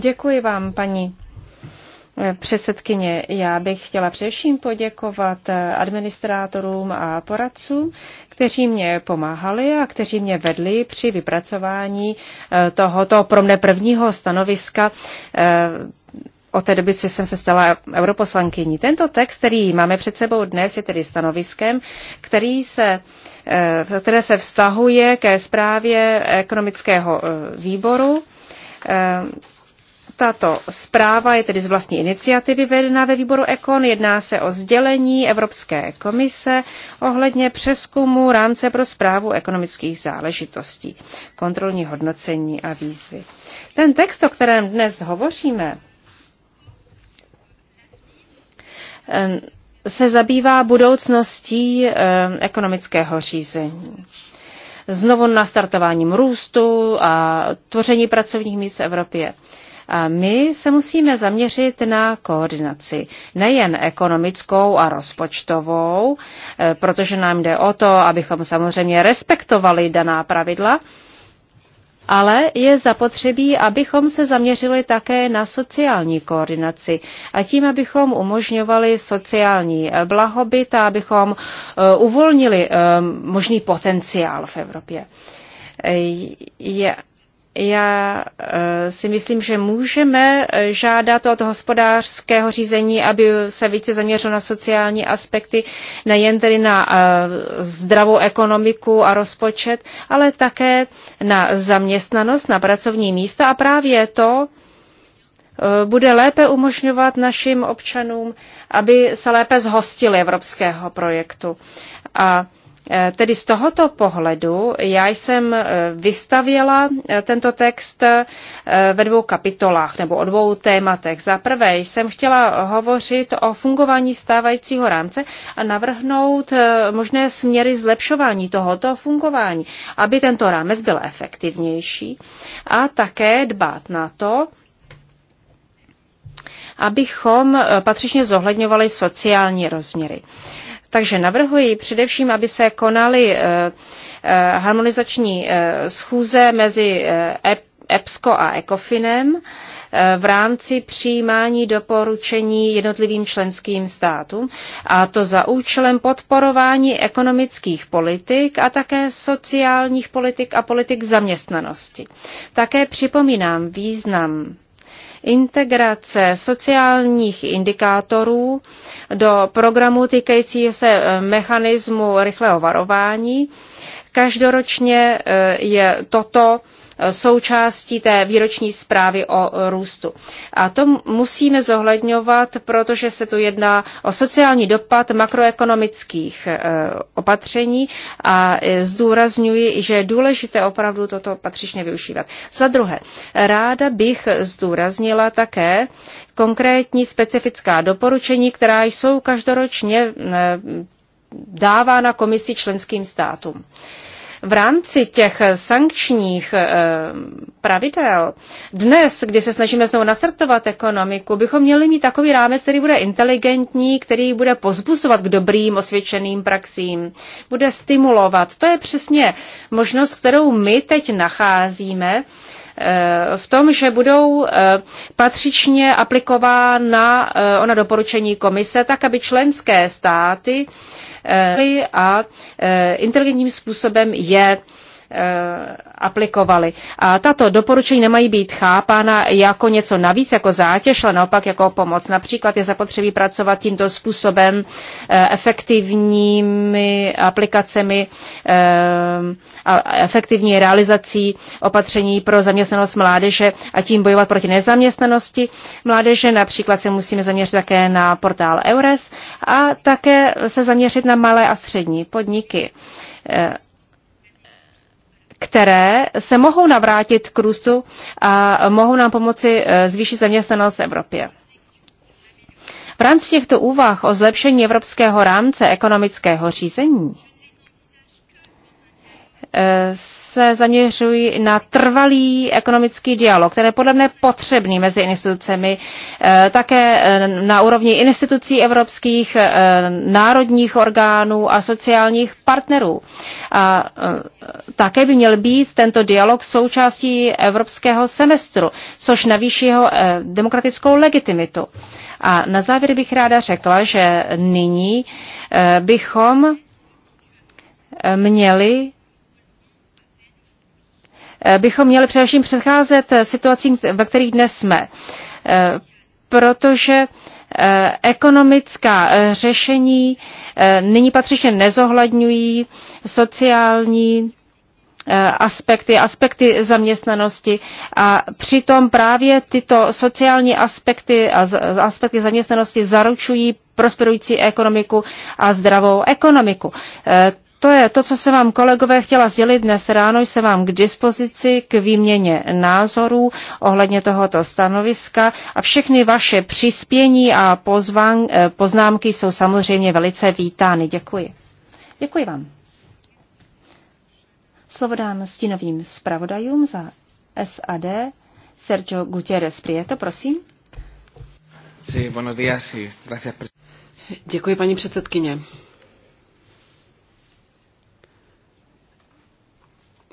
Děkuji vám, paní Eh, předsedkyně, já bych chtěla především poděkovat eh, administrátorům a poradcům, kteří mě pomáhali a kteří mě vedli při vypracování eh, tohoto pro mne prvního stanoviska od té doby, co jsem se stala europoslankyní. Tento text, který máme před sebou dnes, je tedy stanoviskem, který se, které se vztahuje ke zprávě ekonomického výboru tato zpráva je tedy z vlastní iniciativy vedená ve výboru EKON. Jedná se o sdělení Evropské komise ohledně přeskumu rámce pro zprávu ekonomických záležitostí, kontrolní hodnocení a výzvy. Ten text, o kterém dnes hovoříme, eh, se zabývá budoucností eh, ekonomického řízení znovu nastartováním růstu a tvoření pracovních míst v Evropě. A my se musíme zaměřit na koordinaci, nejen ekonomickou a rozpočtovou, e, protože nám jde o to, abychom samozřejmě respektovali daná pravidla, ale je zapotřebí, abychom se zaměřili také na sociální koordinaci a tím, abychom umožňovali sociální e, blahobyt a abychom e, uvolnili možný potenciál v Evropě. Je já eh, si myslím, že můžeme eh, žádat od hospodářského řízení, aby se více zaměřilo na sociální aspekty, nejen tedy na eh, zdravou ekonomiku a rozpočet, ale také na zaměstnanost, na pracovní místa a právě to bude lépe umožňovat našim občanům, aby se lépe zhostili evropského projektu. A Eh, tedy z tohoto pohledu já jsem eh, vystavěla eh, tento text ve dvou kapitolách nebo o dvou tématech. Za prvé jsem chtěla hovořit o fungování stávajícího rámce a navrhnout možné směry zlepšování tohoto fungování, aby tento rámec byl efektivnější a také dbát na to, abychom patřičně zohledňovali sociální rozměry. Takže navrhuji především, aby se konaly eh, eh, harmonizační eh, schůze mezi EPSCO e e a ECOFINem v rámci přijímání doporučení jednotlivým členským státům, a to za účelem podporování ekonomických politik a také sociálních politik a politik zaměstnanosti. Také připomínám význam integrace sociálních indikátorů do programu týkajícího se e, mechanismu rychlého varování. Každoročně e, je toto součástí té výroční zprávy o růstu. A to musíme zohledňovat, protože se tu jedná o sociální dopad makroekonomických eh, opatření a eh, zdůrazňuji, že je důležité opravdu toto patřičně využívat. Za druhé, ráda bych zdůraznila také konkrétní specifická doporučení, která jsou každoročně eh, dávána komisi členským státům v rámci těch sankčních eh, pravidel dnes, kdy se snažíme znovu nasrtovat ekonomiku, bychom měli mít takový rámec, který bude inteligentní, který bude pozbuzovat k dobrým osvědčeným praxím, bude stimulovat. To je přesně možnost, kterou my teď nacházíme v tom, že budou eh, patřičně aplikována eh, ona doporučení komise, tak aby členské státy eh, a inteligentním způsobem je Eh, aplikovali. A tato doporučení nemají být chápána jako něco navíc, jako zátěž, ale naopak jako pomoc. Například je zapotřebí pracovat tímto způsobem eh, efektivními aplikacemi eh, a efektivní realizací opatření pro zaměstnanost mládeže a tím bojovat proti nezaměstnanosti mládeže. Například se musíme zaměřit také na portál EURES a také se zaměřit na malé a střední podniky které se mohou navrátit k růstu a mohou nám pomoci eh, zvýšit zaměstnanost v Evropě. V rámci těchto úvah o zlepšení evropského rámce ekonomického řízení Eh, se zaměřují na trvalý ekonomický dialog, který je podle mě potřebný mezi institucemi, eh, také eh, na úrovni institucí evropských, národních orgánů a sociálních partnerů. A také by měl být tento dialog součástí evropského semestru, což navýší jeho demokratickou legitimitu. A na závěr bych ráda řekla, že nyní bychom měli Eh, bychom měli především předcházet eh, situacím, ve kterých dnes jsme. Eh, protože ekonomická řešení nyní patřičně nezohledňují sociální aspekty, aspekty zaměstnanosti a přitom právě tyto sociální aspekty a aspekty zaměstnanosti zaručují prosperující ekonomiku a zdravou ekonomiku. To je to, co jsem vám kolegové chtěla sdělit dnes ráno. Jsem vám k dispozici k výměně názorů ohledně tohoto stanoviska a všechny vaše přispění a pozván, eh, poznámky jsou samozřejmě velice vítány. Děkuji. Děkuji vám. Slovo dám stínovým zpravodajům za SAD. Sergio Gutierrez Prieto, prosím. Sí, buenos días, sí. Gracias. Děkuji, paní předsedkyně.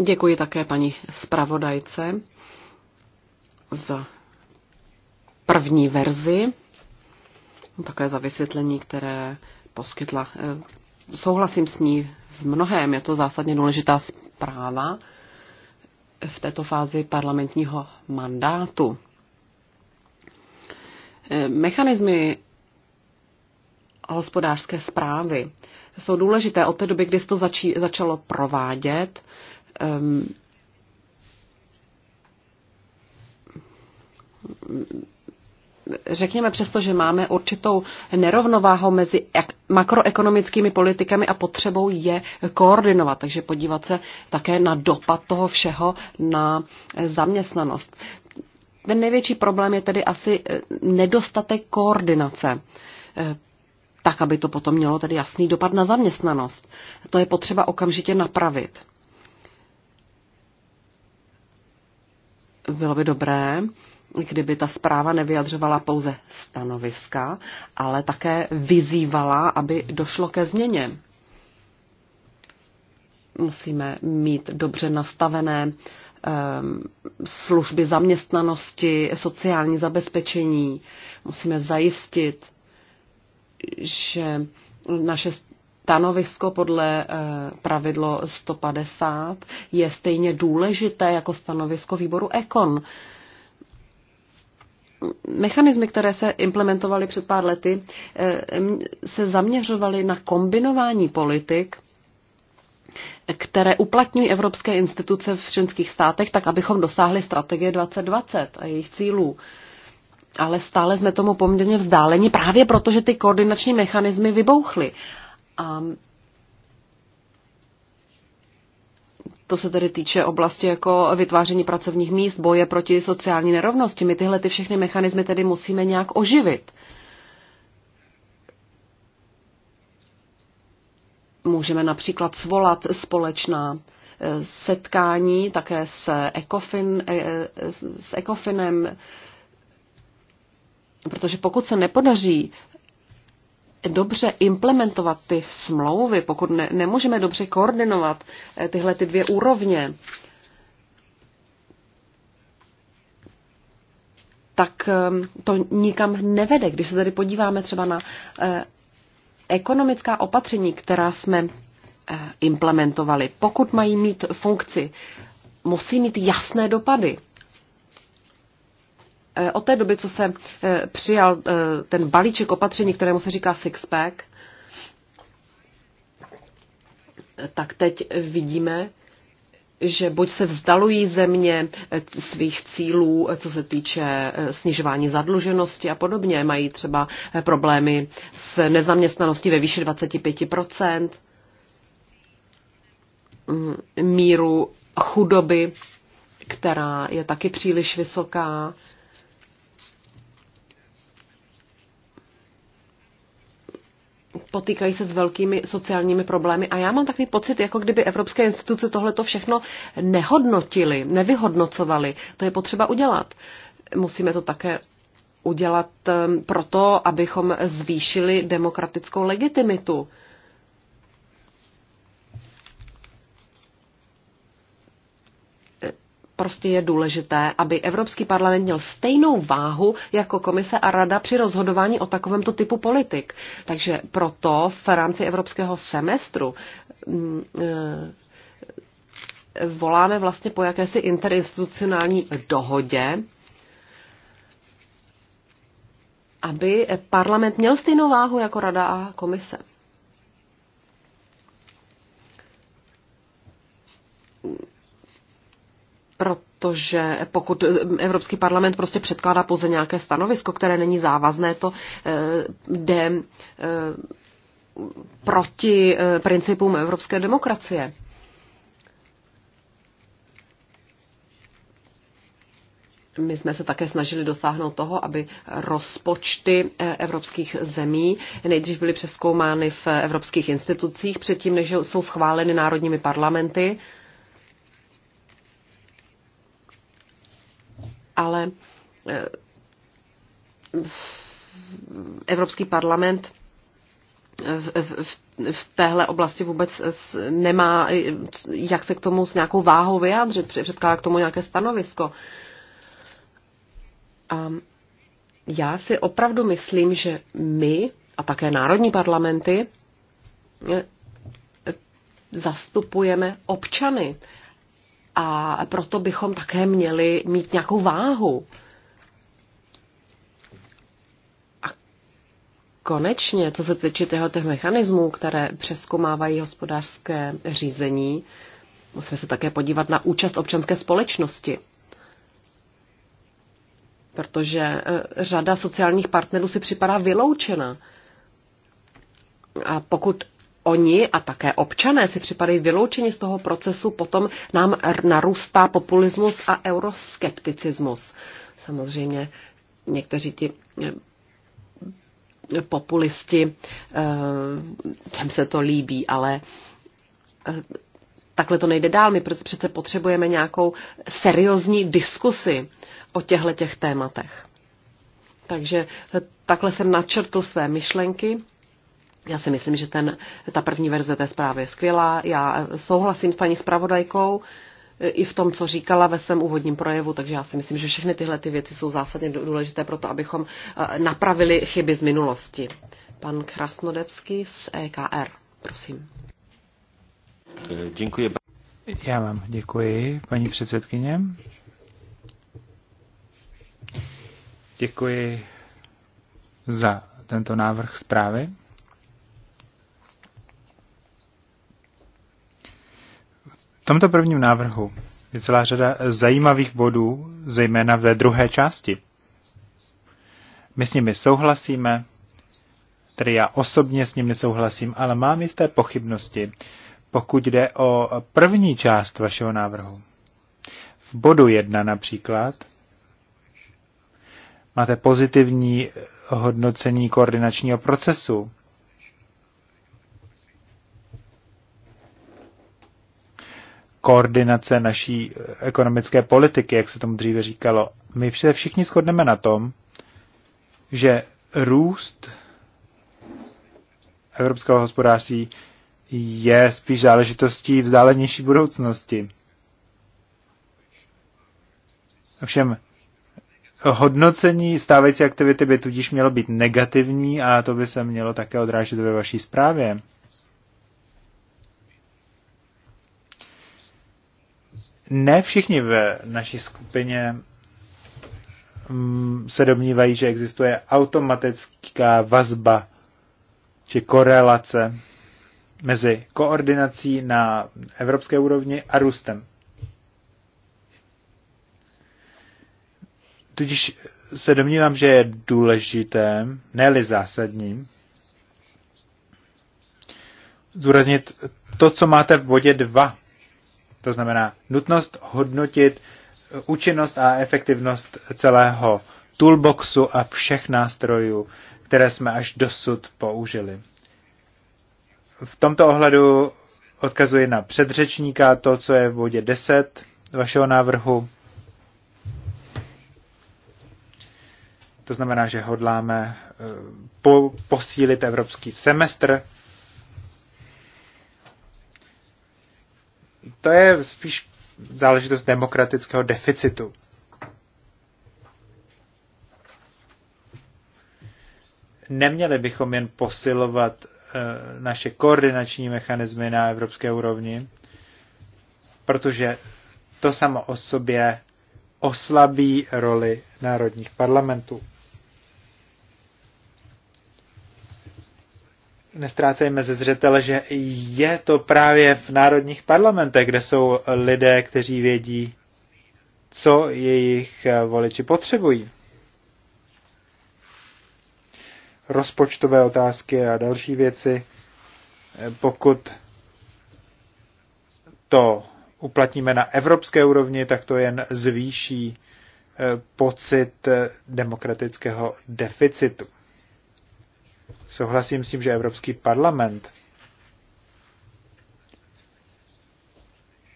Děkuji také paní zpravodajce za první verzi, také za vysvětlení, které poskytla. Eh, souhlasím s ní v mnohém, je to zásadně důležitá zpráva v této fázi parlamentního mandátu. Eh, mechanismy hospodářské zprávy jsou důležité od té doby, kdy se to začí, začalo provádět um, řekněme přesto, že máme určitou nerovnováhu mezi makroekonomickými politikami a potřebou je koordinovat, takže podívat se také na dopad toho všeho na zaměstnanost. Ten největší problém je tedy asi eh, nedostatek koordinace eh, tak, aby to potom mělo tedy jasný dopad na zaměstnanost. To je potřeba okamžitě napravit. Bylo by dobré, kdyby ta zpráva nevyjadřovala pouze stanoviska, ale také vyzývala, aby došlo ke změně. Musíme mít dobře nastavené ehm, služby zaměstnanosti, sociální zabezpečení. Musíme zajistit, že naše stanovisko podle eh, pravidlo 150 je stejně důležité jako stanovisko výboru ECON. Mechanismy, které se implementovaly před pár lety, eh, se zaměřovaly na kombinování politik, které uplatňují evropské instituce v členských státech, tak abychom dosáhli strategie 2020 a jejich cílů. Ale stále jsme tomu poměrně vzdáleni právě proto, že ty koordinační mechanismy vybouchly. A to se tedy týče oblasti jako vytváření pracovních míst, boje proti sociální nerovnosti. My tyhle ty všechny mechanismy tedy musíme nějak oživit. Můžeme například svolat společná eh, setkání také s, ECOFIN, eh, s ECOFINem, protože pokud se nepodaří dobře implementovat ty smlouvy, pokud ne, nemůžeme dobře koordinovat eh, tyhle ty dvě úrovně, tak ehm, to nikam nevede. Když se tady podíváme třeba na eh, ekonomická opatření, která jsme eh, implementovali, pokud mají mít funkci, musí mít jasné dopady. Eh, od té doby, co se eh, přijal eh, ten balíček opatření, kterému se říká Sixpack, tak teď vidíme, že buď se vzdalují země svých cílů, co se týče snižování zadluženosti a podobně, mají třeba problémy s nezaměstnaností ve výši 25%, mm, míru chudoby, která je taky příliš vysoká, potýkají se s velkými sociálními problémy a já mám takový pocit, jako kdyby evropské instituce tohle to všechno nehodnotily, nevyhodnocovaly. To je potřeba udělat. Musíme to také udělat ehm, proto, abychom zvýšili demokratickou legitimitu prostě je důležité, aby Evropský parlament měl stejnou váhu jako komise a rada při rozhodování o takovémto typu politik. Takže proto v rámci evropského semestru mm, eh, voláme vlastně po jakési interinstitucionální dohodě, aby parlament měl stejnou váhu jako rada a komise. protože pokud eh, Evropský parlament prostě předkládá pouze nějaké stanovisko, které není závazné, to eh, jde eh, proti principům evropské demokracie. My jsme se také snažili dosáhnout toho, aby rozpočty evropských zemí nejdřív byly přeskoumány v evropských institucích, předtím, než jsou schváleny národními parlamenty. ale eh, Evropský parlament eh, v, v, v téhle oblasti vůbec nemá, eh, jak se k tomu s nějakou váhou vyjádřit, předkládá k tomu nějaké stanovisko. A já si opravdu myslím, že my a také národní parlamenty zastupujeme občany a proto bychom také měli mít nějakou váhu. A konečně, co se týče těchto mechanismů, které přeskumávají hospodářské řízení, musíme se také podívat na účast občanské společnosti. Protože e, řada sociálních partnerů si připadá vyloučena. A pokud oni a také občané si připadají vyloučeni z toho procesu, potom nám narůstá populismus a euroskepticismus. Samozřejmě někteří ti eh, populisti, eh, těm se to líbí, ale eh, takhle to nejde dál. My přece potřebujeme nějakou seriózní diskusi o těchto těch tématech. Takže takhle jsem načrtl své myšlenky. Já si myslím, že ten, ta první verze té zprávy je skvělá. Já souhlasím s paní zpravodajkou e, i v tom, co říkala ve svém úvodním projevu, takže já si myslím, že všechny tyhle ty věci jsou zásadně důležité pro to, abychom e, napravili chyby z minulosti. Pan Krasnodevský z EKR, prosím. Děkuji. Já vám děkuji, paní předsedkyně. Děkuji za tento návrh zprávy. tomto prvním návrhu je celá řada zajímavých bodů, zejména ve druhé části. My s nimi souhlasíme, tedy já osobně s nimi souhlasím, ale mám jisté pochybnosti, pokud jde o první část vašeho návrhu. V bodu jedna, například máte pozitivní hodnocení koordinačního procesu. koordinace naší ekonomické politiky, jak se tomu dříve říkalo. My vše všichni shodneme na tom, že růst evropského hospodářství je spíš záležitostí vzdálenější budoucnosti. Ovšem, hodnocení stávající aktivity by tudíž mělo být negativní a to by se mělo také odrážet ve vaší zprávě. Ne všichni v naší skupině mm, se domnívají, že existuje automatická vazba či korelace mezi koordinací na evropské úrovni a růstem. Tudíž se domnívám, že je důležité, ne-li zásadní, zúraznit to, co máte v bodě 2. To znamená nutnost hodnotit eh, účinnost a efektivnost celého toolboxu a všech nástrojů, které jsme až dosud použili. V tomto ohledu odkazuji na předřečníka to, co je v bodě 10 vašeho návrhu. To znamená, že hodláme eh, po, posílit evropský semestr to je spíš záležitost demokratického deficitu. Neměli bychom jen posilovat eh, naše koordinační mechanismy na evropské úrovni, protože to samo o sobě oslabí roli národních parlamentů. nestrácejme ze zřetele, že je to právě v národních parlamentech, kde jsou lidé, kteří vědí, co jejich eh, voliči potřebují. Rozpočtové otázky a další věci, eh, pokud to uplatníme na evropské úrovni, tak to jen zvýší eh, pocit demokratického deficitu souhlasím s tím, že Evropský parlament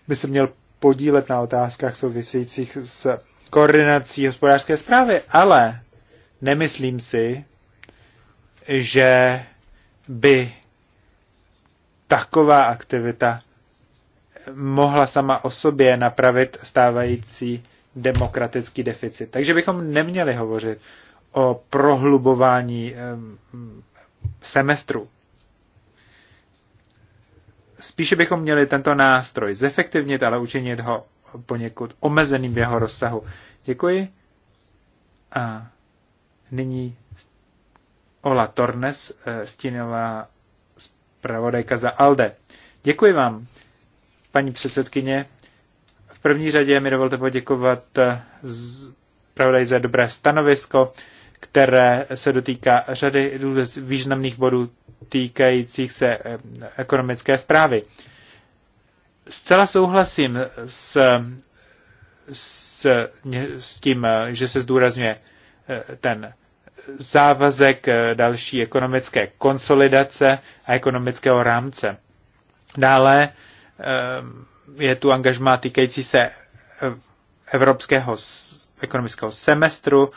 by se měl podílet na otázkách souvisejících s koordinací hospodářské zprávy, ale nemyslím si, že by taková aktivita mohla sama o sobě napravit stávající demokratický deficit. Takže bychom neměli hovořit o prohlubování semestru. Spíše bychom měli tento nástroj zefektivnit, ale učinit ho poněkud omezeným v jeho rozsahu. Děkuji. A nyní Ola Tornes, eh, stínová zpravodajka za ALDE. Děkuji vám, paní předsedkyně. V první řadě mi dovolte poděkovat eh, zpravodaj za dobré stanovisko které se dotýká řady významných bodů týkajících se eh, ekonomické zprávy. Zcela souhlasím s, s, s tím, eh, že se zdůrazňuje eh, ten závazek další ekonomické konsolidace a ekonomického rámce. Dále je tu angažmá týkající se evropského ekonomického semestru,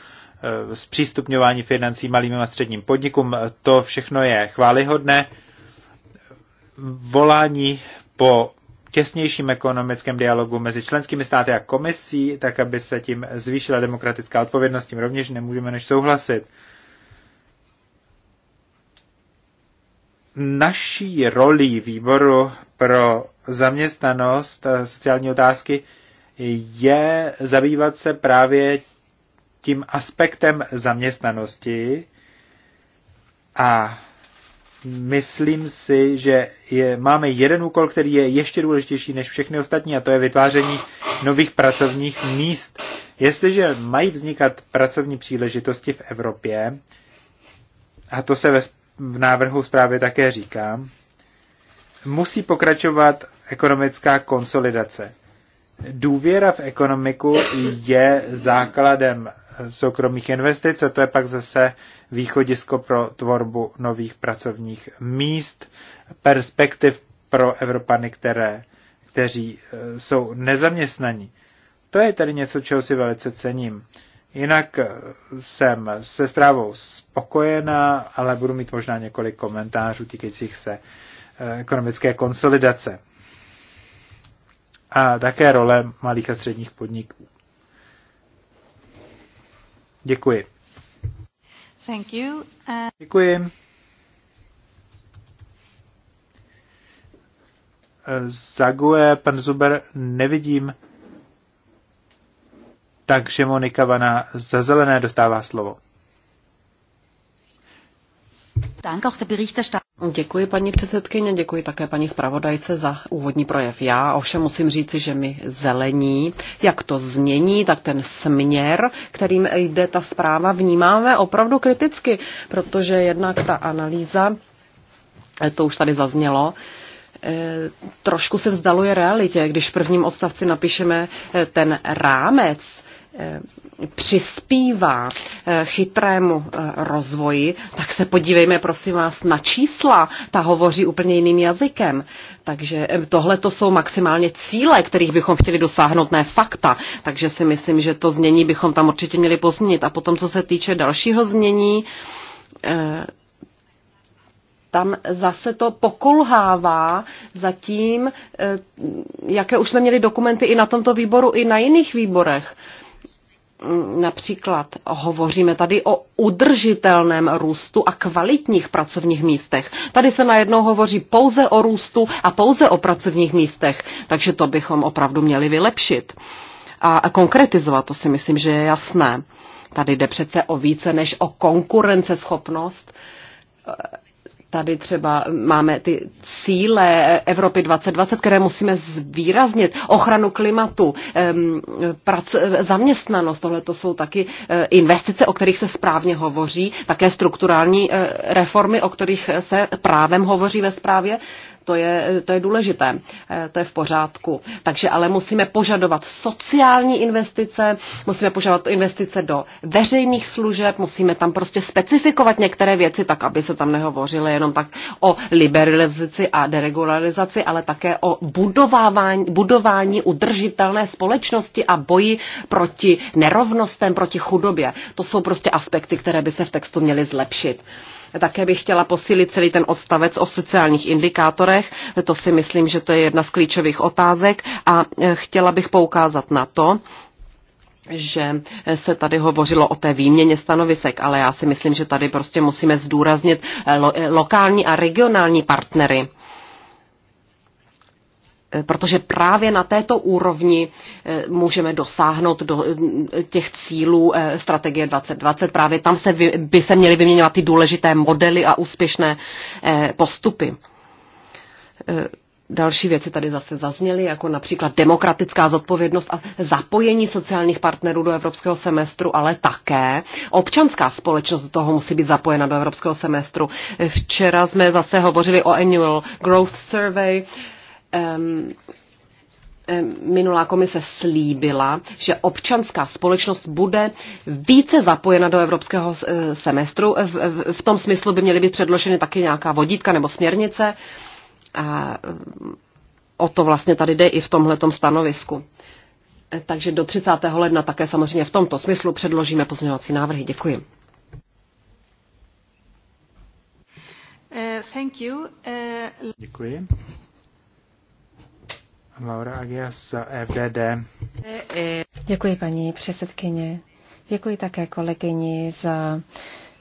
Eh, zpřístupňování financí malým a středním podnikům. To všechno je chválihodné. Volání po těsnějším ekonomickém dialogu mezi členskými státy a komisí, tak aby se tím zvýšila demokratická odpovědnost, tím rovněž nemůžeme než souhlasit. Naší rolí výboru pro zaměstnanost sociální otázky je zabývat se právě tím aspektem zaměstnanosti a myslím si, že je, máme jeden úkol, který je ještě důležitější než všechny ostatní, a to je vytváření nových pracovních míst. Jestliže mají vznikat pracovní příležitosti v Evropě, a to se ve, v návrhu zprávy také říká, musí pokračovat ekonomická konsolidace. Důvěra v ekonomiku je základem soukromých investic a to je pak zase východisko pro tvorbu nových pracovních míst, perspektiv pro Evropany, které, kteří eh, jsou nezaměstnaní. To je tedy něco, čeho si velice cením. Jinak eh, jsem se zprávou spokojená, ale budu mít možná několik komentářů týkajících se eh, ekonomické konsolidace. A také role malých a středních podniků. Děkuji. Thank you. Uh... Děkuji. Zague, pan Zuber, nevidím. Takže Monika Vana za zelené dostává slovo. auch der Děkuji paní předsedkyně, děkuji také paní zpravodajce za úvodní projev. Já ovšem musím říci, že mi zelení, jak to změní, tak ten směr, kterým jde ta zpráva, vnímáme opravdu kriticky, protože jednak ta analýza, eh, to už tady zaznělo, eh, trošku se vzdaluje realitě, když v prvním odstavci napíšeme eh, ten rámec, Eh, přispívá eh, chytrému eh, rozvoji, tak se podívejme, prosím vás, na čísla. Ta hovoří úplně jiným jazykem. Takže tohle to jsou maximálně cíle, kterých bychom chtěli dosáhnout, ne fakta. Takže si myslím, že to znění bychom tam určitě měli pozměnit. A potom, co se týče dalšího znění, tam zase to pokulhává zatím, jaké už jsme měli dokumenty i na tomto výboru, i na jiných výborech. Například hovoříme tady o udržitelném růstu a kvalitních pracovních místech. Tady se najednou hovoří pouze o růstu a pouze o pracovních místech, takže to bychom opravdu měli vylepšit. A konkretizovat to si myslím, že je jasné. Tady jde přece o více než o konkurenceschopnost Tady třeba máme ty cíle Evropy 2020, které musíme zvýraznit. Ochranu klimatu, zaměstnanost, tohle to jsou taky eh, investice, o kterých se správně hovoří, také strukturální eh, reformy, o kterých se právem hovoří ve zprávě. To je, to je důležité, eh, to je v pořádku. Takže ale musíme požadovat sociální investice, musíme požadovat investice do veřejných služeb, musíme tam prostě specifikovat některé věci tak, aby se tam nehovořilo jenom tak o liberalizaci a deregularizaci, ale také o budovávání, budování udržitelné společnosti a boji proti nerovnostem, proti chudobě. To jsou prostě aspekty, které by se v textu měly zlepšit. Také bych chtěla posílit celý ten odstavec o sociálních indikátorech. To si myslím, že to je jedna z klíčových otázek a e, chtěla bych poukázat na to, že se tady hovořilo o té výměně stanovisek, ale já si myslím, že tady prostě musíme zdůraznit lo- lokální a regionální partnery protože právě na této úrovni eh, můžeme dosáhnout do eh, těch cílů eh, strategie 2020. Právě tam se vy, by se měly vyměňovat ty důležité modely a úspěšné postupy. Další věci tady zase zazněly, jako například demokratická zodpovědnost a zapojení sociálních partnerů do evropského semestru, ale také občanská společnost do toho musí být zapojena do evropského semestru. Včera jsme zase hovořili o Annual Growth Survey, um, minulá komise slíbila, že občanská společnost bude více zapojena do evropského eh, semestru. V, v tom smyslu by měly být předloženy taky nějaká vodítka nebo směrnice. A o to vlastně tady jde i v tomhletom stanovisku. Eh, takže do 30. ledna také samozřejmě v tomto smyslu předložíme pozměňovací návrhy. Děkuji. Eh, thank you. Děkuji. Laura Agias, FDD. Děkuji paní předsedkyně. Děkuji také kolegyni za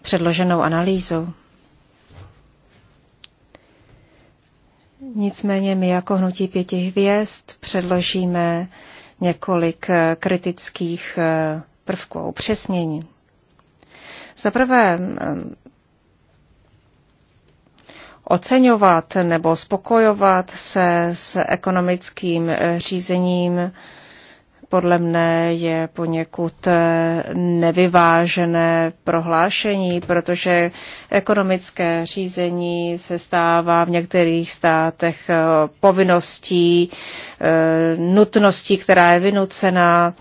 předloženou analýzu. Nicméně my jako Hnutí pěti hvězd předložíme několik kritických prvků upřesnění. Za prvé, oceňovat nebo spokojovat se s ekonomickým eh, řízením podle mne je poněkud eh, nevyvážené prohlášení, protože ekonomické řízení se stává v některých státech eh, povinností, nutností, která je vynucená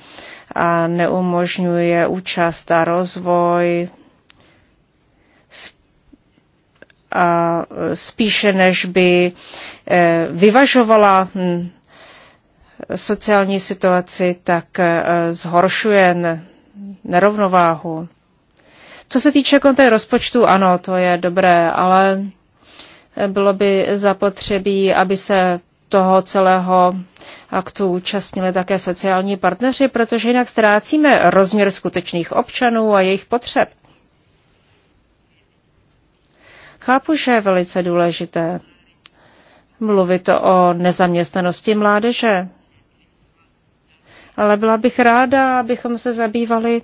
a neumožňuje účast a rozvoj a spíše než by eh, vyvažovala hm, sociální situaci, tak eh, zhoršuje nerovnováhu. Co se týče konta rozpočtu, ano, to je dobré, ale eh, bylo by zapotřebí, aby se toho celého aktu účastnili také sociální partneři, protože jinak ztrácíme rozměr skutečných občanů a jejich potřeb. Chápu, že je velice důležité mluvit o nezaměstnanosti mládeže, ale byla bych ráda, abychom se zabývali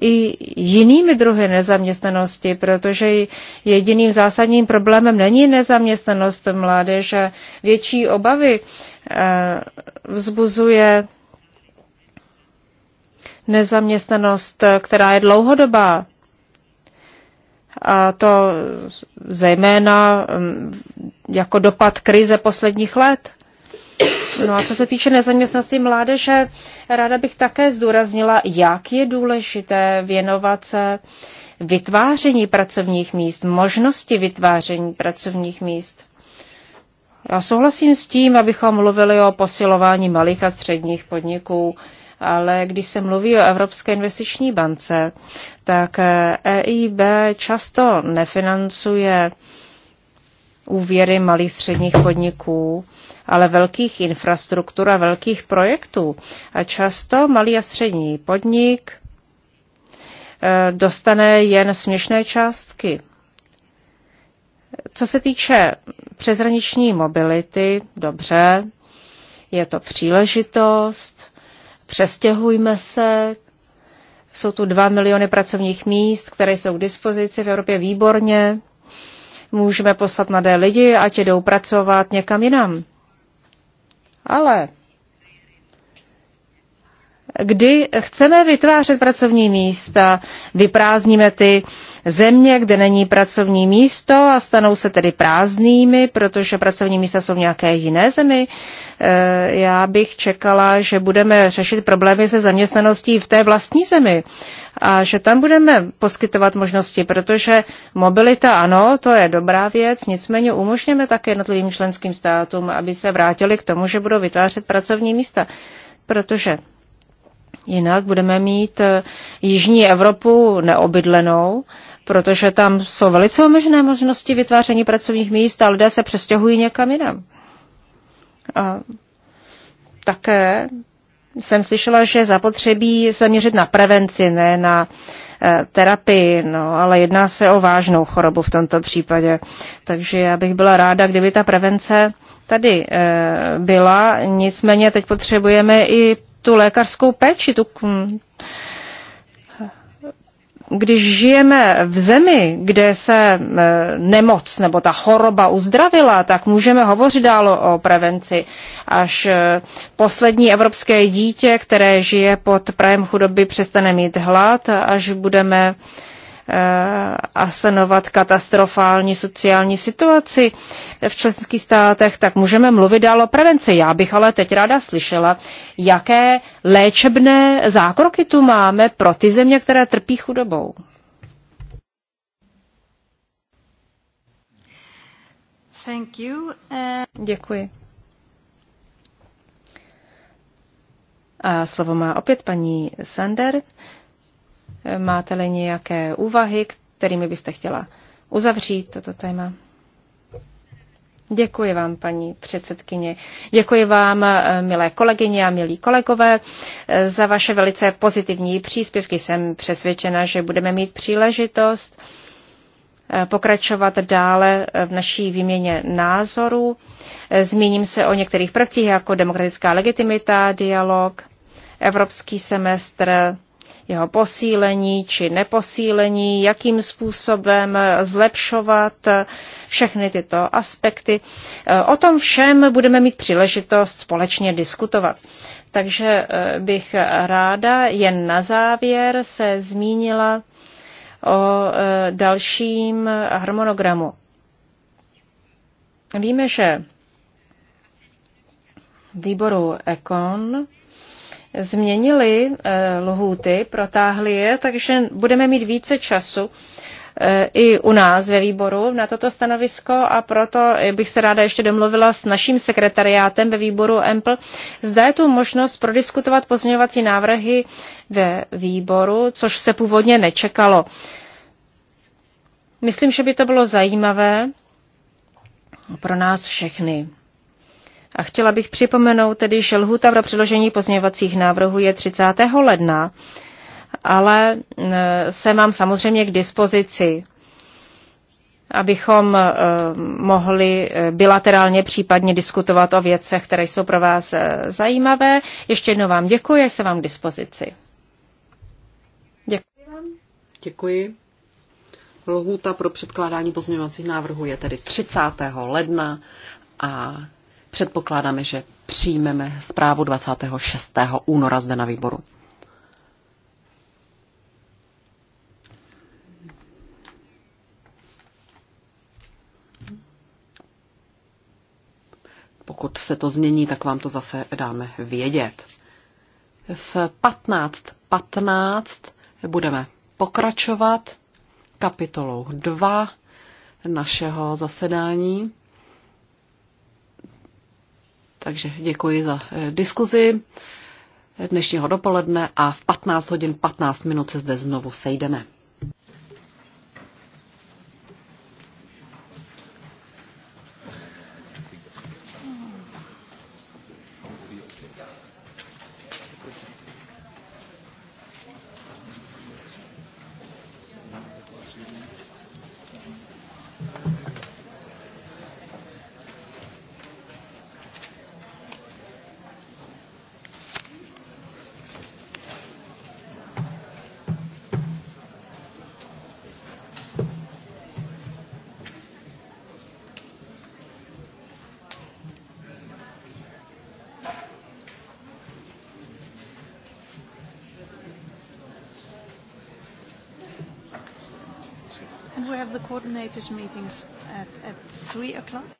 i jinými druhy nezaměstnanosti, protože jediným zásadním problémem není nezaměstnanost mládeže. Větší obavy eh, vzbuzuje nezaměstnanost, která je dlouhodobá a to zejména mm, jako dopad krize posledních let. No a co se týče nezaměstnanosti mládeže, ráda bych také zdůraznila, jak je důležité věnovat se vytváření pracovních míst, možnosti vytváření pracovních míst. Já souhlasím s tím, abychom mluvili o posilování malých a středních podniků, ale když se mluví o Evropské investiční bance, tak EIB eh, e často nefinancuje úvěry malých středních podniků, ale velkých infrastruktur a velkých projektů. A často malý a střední podnik eh, dostane jen směšné částky. Co se týče přezraniční mobility, dobře, je to příležitost, přestěhujme se. Jsou tu dva miliony pracovních míst, které jsou k dispozici v Evropě výborně. Můžeme poslat mladé lidi, ať jdou pracovat někam jinam. Ale kdy chceme vytvářet pracovní místa, vyprázdníme ty země, kde není pracovní místo a stanou se tedy prázdnými, protože pracovní místa jsou v nějaké jiné zemi. E, já bych čekala, že budeme řešit problémy se zaměstnaností v té vlastní zemi a že tam budeme poskytovat možnosti, protože mobilita ano, to je dobrá věc, nicméně umožněme také jednotlivým členským státům, aby se vrátili k tomu, že budou vytvářet pracovní místa. Protože Jinak budeme mít eh, Jižní Evropu neobydlenou, protože tam jsou velice omezené možnosti vytváření pracovních míst a lidé se přestěhují někam jinam. A také jsem slyšela, že zapotřebí zaměřit na prevenci, ne na eh, terapii, no, ale jedná se o vážnou chorobu v tomto případě. Takže já bych byla ráda, kdyby ta prevence tady eh, byla, nicméně teď potřebujeme i tu lékařskou péči, tu, když žijeme v zemi, kde se e, nemoc nebo ta choroba uzdravila, tak můžeme hovořit dál o prevenci. Až e, poslední evropské dítě, které žije pod prajem chudoby, přestane mít hlad, až budeme uh, Eh, asenovat katastrofální sociální situaci v členských státech, tak můžeme mluvit dál o prevenci. Já bych ale teď ráda slyšela, jaké léčebné zákroky tu máme pro ty země, které trpí chudobou. Thank you. Uh... Děkuji. A slovo má opět paní Sander. Máte-li nějaké úvahy, kterými byste chtěla uzavřít toto téma? Děkuji vám, paní předsedkyně. Děkuji vám, milé kolegyně a milí kolegové, za vaše velice pozitivní příspěvky. Jsem přesvědčena, že budeme mít příležitost eh, pokračovat dále v naší výměně názorů. Eh, zmíním se o některých prvcích, jako demokratická legitimita, dialog, evropský semestr, jeho posílení či neposílení, jakým způsobem zlepšovat všechny tyto aspekty. O tom všem budeme mít příležitost společně diskutovat. Takže eh, bych ráda jen na závěr se zmínila o eh, dalším harmonogramu. Víme, že výboru Econ změnili eh, lhůty, protáhli je, takže budeme mít více času eh, i u nás ve výboru na toto stanovisko a proto bych se ráda ještě domluvila s naším sekretariátem ve výboru EMPL. Zda je tu možnost prodiskutovat pozměňovací návrhy ve výboru, což se původně nečekalo. Myslím, že by to bylo zajímavé pro nás všechny. A chtěla bych připomenout tedy, že lhuta pro předložení pozměňovacích návrhů je 30. ledna, ale e, se mám samozřejmě k dispozici, abychom e, mohli e, bilaterálně případně diskutovat o věcech, které jsou pro vás zajímavé. Ještě jednou vám děkuji a vám k dispozici. Děkuji vám. Děkuji. Lhůta pro předkládání pozměňovacích návrhů je tedy 30. ledna a Předpokládáme, že přijmeme zprávu 26. února zde na výboru. Pokud se to změní, tak vám to zase dáme vědět. V 15.15 15 budeme pokračovat kapitolou 2 našeho zasedání. Takže děkuji za eh, diskuzi dnešního dopoledne a v 15 hodin 15 minut se zde znovu sejdeme. coordinators' meetings at, three o'clock.